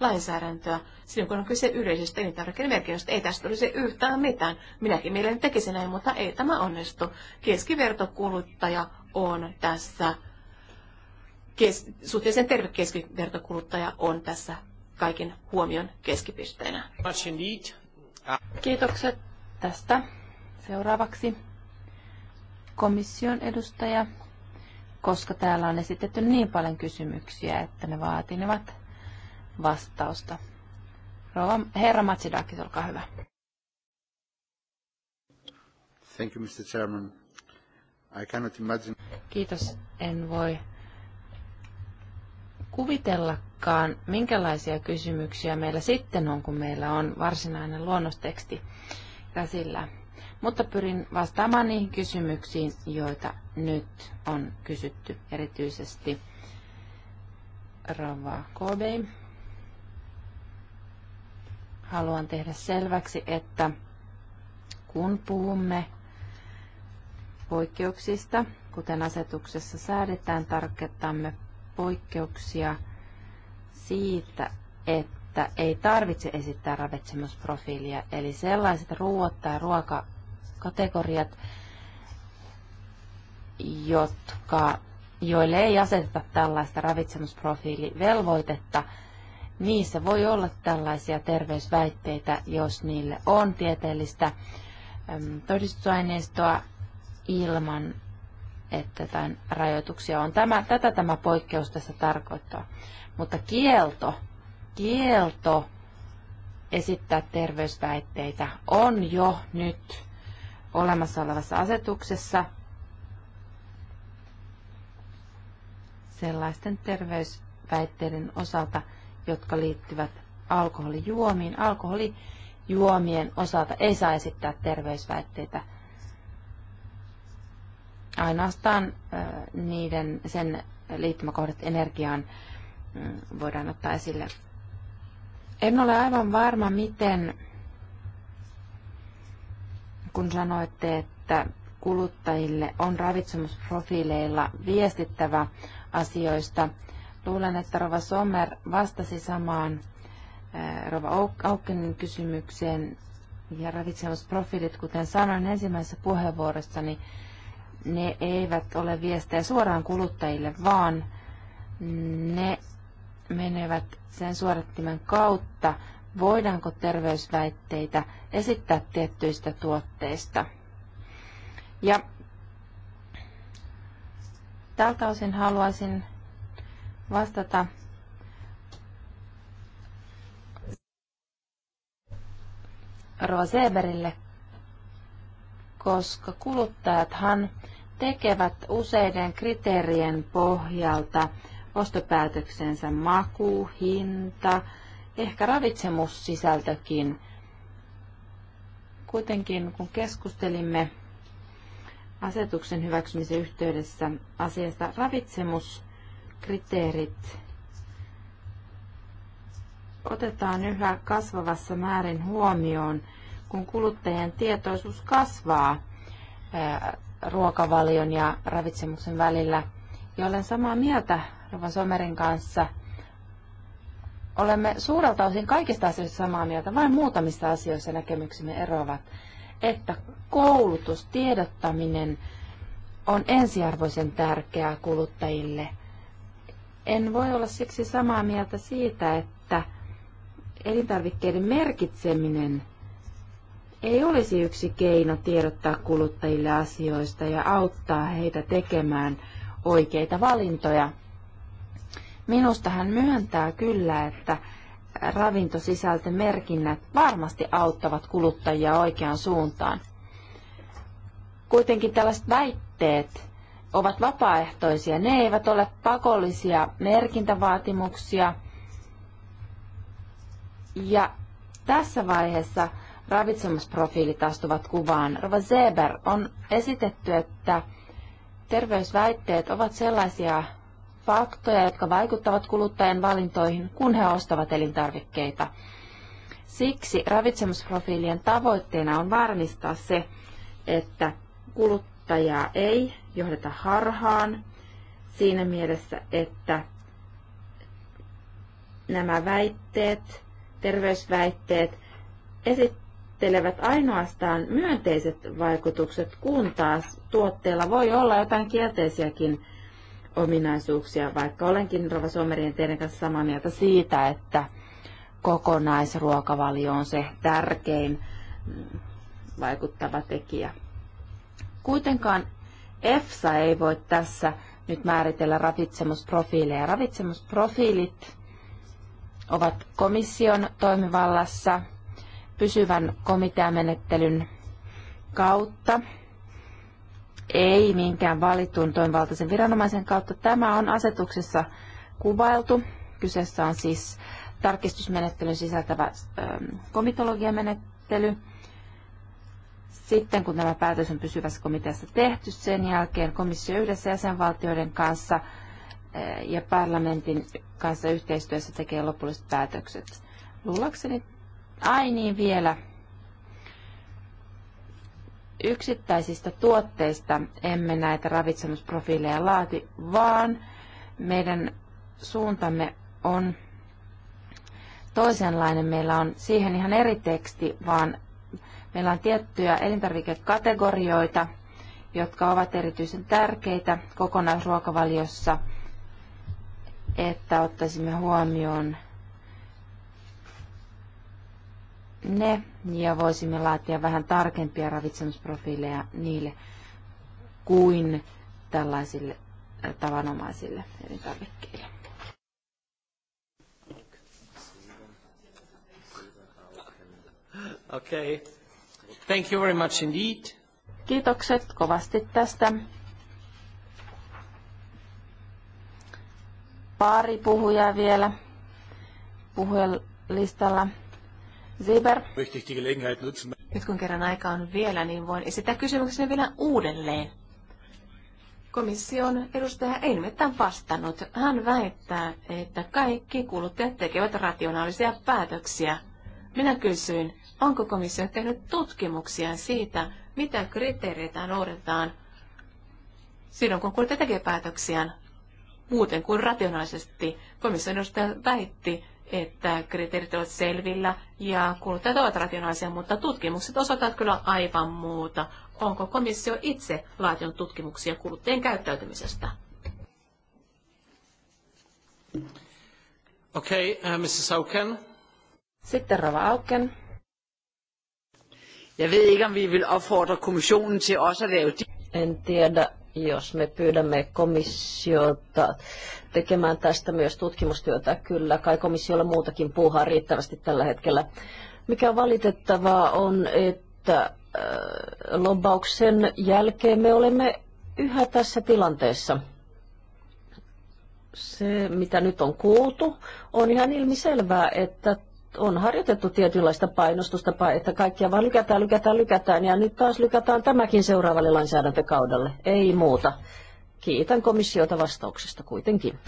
lainsäädäntöä. Silloin, kun on kyse yleisestä elintarvikkeiden merkinnästä, ei tästä olisi yhtään mitään. Minäkin mielen tekisin näin, mutta ei tämä onnistu. Keskivertokuluttaja on tässä, kes, suhteellisen terve keskivertokuluttaja on tässä kaiken huomion keskipisteenä. Kiitokset tästä. Seuraavaksi komission edustaja, koska täällä on esitetty niin paljon kysymyksiä, että ne vaatinevat vastausta. Rova, herra Matsidakis, olkaa hyvä. Thank you, Mr. Chairman. I cannot imagine... Kiitos. En voi kuvitellakaan, minkälaisia kysymyksiä meillä sitten on, kun meillä on varsinainen luonnosteksti käsillä mutta pyrin vastaamaan niihin kysymyksiin, joita nyt on kysytty erityisesti Rava Kobei. Haluan tehdä selväksi, että kun puhumme poikkeuksista, kuten asetuksessa säädetään, tarkoitamme poikkeuksia siitä, että ei tarvitse esittää ravitsemusprofiilia, eli sellaiset ruoat tai ruoka kategoriat, jotka, joille ei aseteta tällaista ravitsemusprofiilivelvoitetta, niissä voi olla tällaisia terveysväitteitä, jos niille on tieteellistä todistusaineistoa ilman, että jotain rajoituksia on. Tämä, tätä tämä poikkeus tässä tarkoittaa. Mutta kielto, kielto esittää terveysväitteitä on jo nyt olemassa olevassa asetuksessa sellaisten terveysväitteiden osalta, jotka liittyvät alkoholijuomiin. Alkoholijuomien osalta ei saa esittää terveysväitteitä ainoastaan niiden, sen liittymäkohdat energiaan mm, voidaan ottaa esille. En ole aivan varma, miten kun sanoitte, että kuluttajille on ravitsemusprofiileilla viestittävä asioista. Luulen, että Rova Sommer vastasi samaan eh, Rova Aukkenin kysymykseen ja ravitsemusprofiilit, kuten sanoin ensimmäisessä niin ne eivät ole viestejä suoraan kuluttajille, vaan ne menevät sen suorattimen kautta voidaanko terveysväitteitä esittää tiettyistä tuotteista. Ja tältä osin haluaisin vastata Roa Seberille, koska kuluttajathan tekevät useiden kriteerien pohjalta ostopäätöksensä maku, hinta, ehkä ravitsemussisältökin. Kuitenkin kun keskustelimme asetuksen hyväksymisen yhteydessä asiasta ravitsemuskriteerit otetaan yhä kasvavassa määrin huomioon, kun kuluttajien tietoisuus kasvaa ruokavalion ja ravitsemuksen välillä. Ja olen samaa mieltä Rova Somerin kanssa – olemme suurelta osin kaikista asioista samaa mieltä, vain muutamissa asioissa näkemyksemme eroavat, että koulutus, tiedottaminen on ensiarvoisen tärkeää kuluttajille. En voi olla siksi samaa mieltä siitä, että elintarvikkeiden merkitseminen ei olisi yksi keino tiedottaa kuluttajille asioista ja auttaa heitä tekemään oikeita valintoja Minusta hän myöntää kyllä, että ravintosisältömerkinnät varmasti auttavat kuluttajia oikeaan suuntaan. Kuitenkin tällaiset väitteet ovat vapaaehtoisia. Ne eivät ole pakollisia merkintävaatimuksia. Ja tässä vaiheessa ravitsemusprofiilit astuvat kuvaan. Rova Zeber on esitetty, että terveysväitteet ovat sellaisia faktoja, jotka vaikuttavat kuluttajien valintoihin, kun he ostavat elintarvikkeita. Siksi ravitsemusprofiilien tavoitteena on varmistaa se, että kuluttajaa ei johdeta harhaan siinä mielessä, että nämä väitteet, terveysväitteet esittelevät ainoastaan myönteiset vaikutukset, kun taas tuotteella voi olla jotain kielteisiäkin ominaisuuksia, vaikka olenkin Rova Suomerien teidän kanssa samaa mieltä siitä, että kokonaisruokavalio on se tärkein vaikuttava tekijä. Kuitenkaan EFSA ei voi tässä nyt määritellä ravitsemusprofiileja. Ravitsemusprofiilit ovat komission toimivallassa pysyvän komiteamenettelyn kautta ei minkään valitun toimivaltaisen viranomaisen kautta. Tämä on asetuksessa kuvailtu. Kyseessä on siis tarkistusmenettelyn sisältävä ähm, komitologiamenettely. Sitten kun tämä päätös on pysyvässä komiteassa tehty, sen jälkeen komissio yhdessä jäsenvaltioiden kanssa äh, ja parlamentin kanssa yhteistyössä tekee lopulliset päätökset. Luulakseni, ai niin vielä, yksittäisistä tuotteista emme näitä ravitsemusprofiileja laati, vaan meidän suuntamme on toisenlainen. Meillä on siihen ihan eri teksti, vaan meillä on tiettyjä elintarvikekategorioita, jotka ovat erityisen tärkeitä kokonaisruokavaliossa, että ottaisimme huomioon ne ja voisimme laatia vähän tarkempia ravitsemusprofiileja niille kuin tällaisille äh, tavanomaisille elintarvikkeille. Okay. Thank you very much indeed. Kiitokset kovasti tästä. Pari puhujaa vielä puhujalistalla. listalla. Weber. Nyt kun kerran aika on vielä, niin voin esittää kysymyksen vielä uudelleen. Komission edustaja ei nimittäin vastannut. Hän väittää, että kaikki kuluttajat tekevät rationaalisia päätöksiä. Minä kysyin, onko komissio tehnyt tutkimuksia siitä, mitä kriteereitä noudatetaan silloin, kun kuluttaja tekee päätöksiään muuten kuin rationaalisesti. Komission edustaja väitti, että kriteerit ovat selvillä ja kuluttajat ovat rationaalisia, mutta tutkimukset osoittavat kyllä aivan muuta. Onko komissio itse laatinut tutkimuksia kuluttajien käyttäytymisestä? Okei, okay, uh, Mrs. Auken. Sitten Rava Auken. Jeg om vi kommissionen lave... En tiedä, jos me pyydämme komissiota tekemään tästä myös tutkimustyötä. Kyllä, kai komissiolla muutakin puuhaa riittävästi tällä hetkellä. Mikä on valitettavaa on, että äh, lobbauksen jälkeen me olemme yhä tässä tilanteessa. Se, mitä nyt on kuultu, on ihan ilmiselvää, että on harjoitettu tietynlaista painostusta, että kaikkia vaan lykätään, lykätään, lykätään ja nyt taas lykätään tämäkin seuraavalle lainsäädäntökaudelle. Ei muuta. Kiitän komissiota vastauksesta kuitenkin.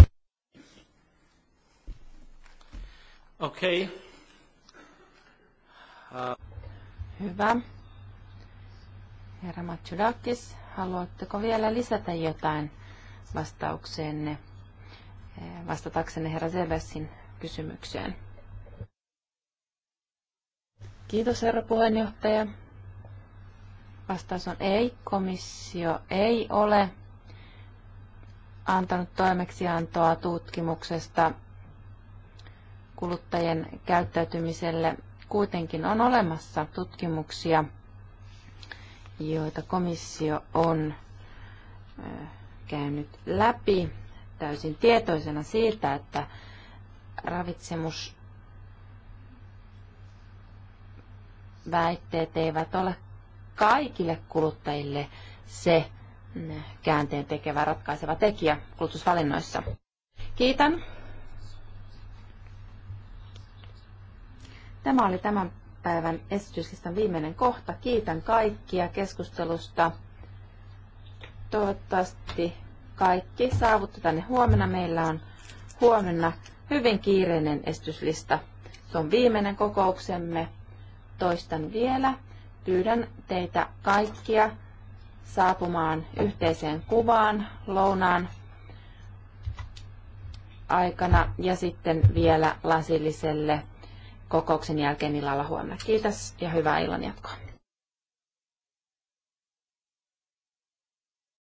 Okei. Okay. Uh. Äh. Hyvä. Herra Matsudakis, haluatteko vielä lisätä jotain vastaukseenne, äh, vastataksenne herra Zellersin kysymykseen? Kiitos, herra puheenjohtaja. Vastaus on ei. Komissio ei ole antanut toimeksiantoa tutkimuksesta kuluttajien käyttäytymiselle. Kuitenkin on olemassa tutkimuksia, joita komissio on käynyt läpi täysin tietoisena siitä, että ravitsemus väitteet eivät ole kaikille kuluttajille se mm, käänteen tekevä ratkaiseva tekijä kulutusvalinnoissa. Kiitän. Tämä oli tämän päivän esityslistan viimeinen kohta. Kiitän kaikkia keskustelusta. Toivottavasti kaikki saavutte tänne huomenna. Meillä on huomenna hyvin kiireinen esityslista. Se on viimeinen kokouksemme. Toistan vielä. Pyydän teitä kaikkia saapumaan yhteiseen kuvaan lounaan aikana ja sitten vielä lasilliselle kokouksen jälkeen illalla huomenna. Kiitos ja hyvää illanjatkoa.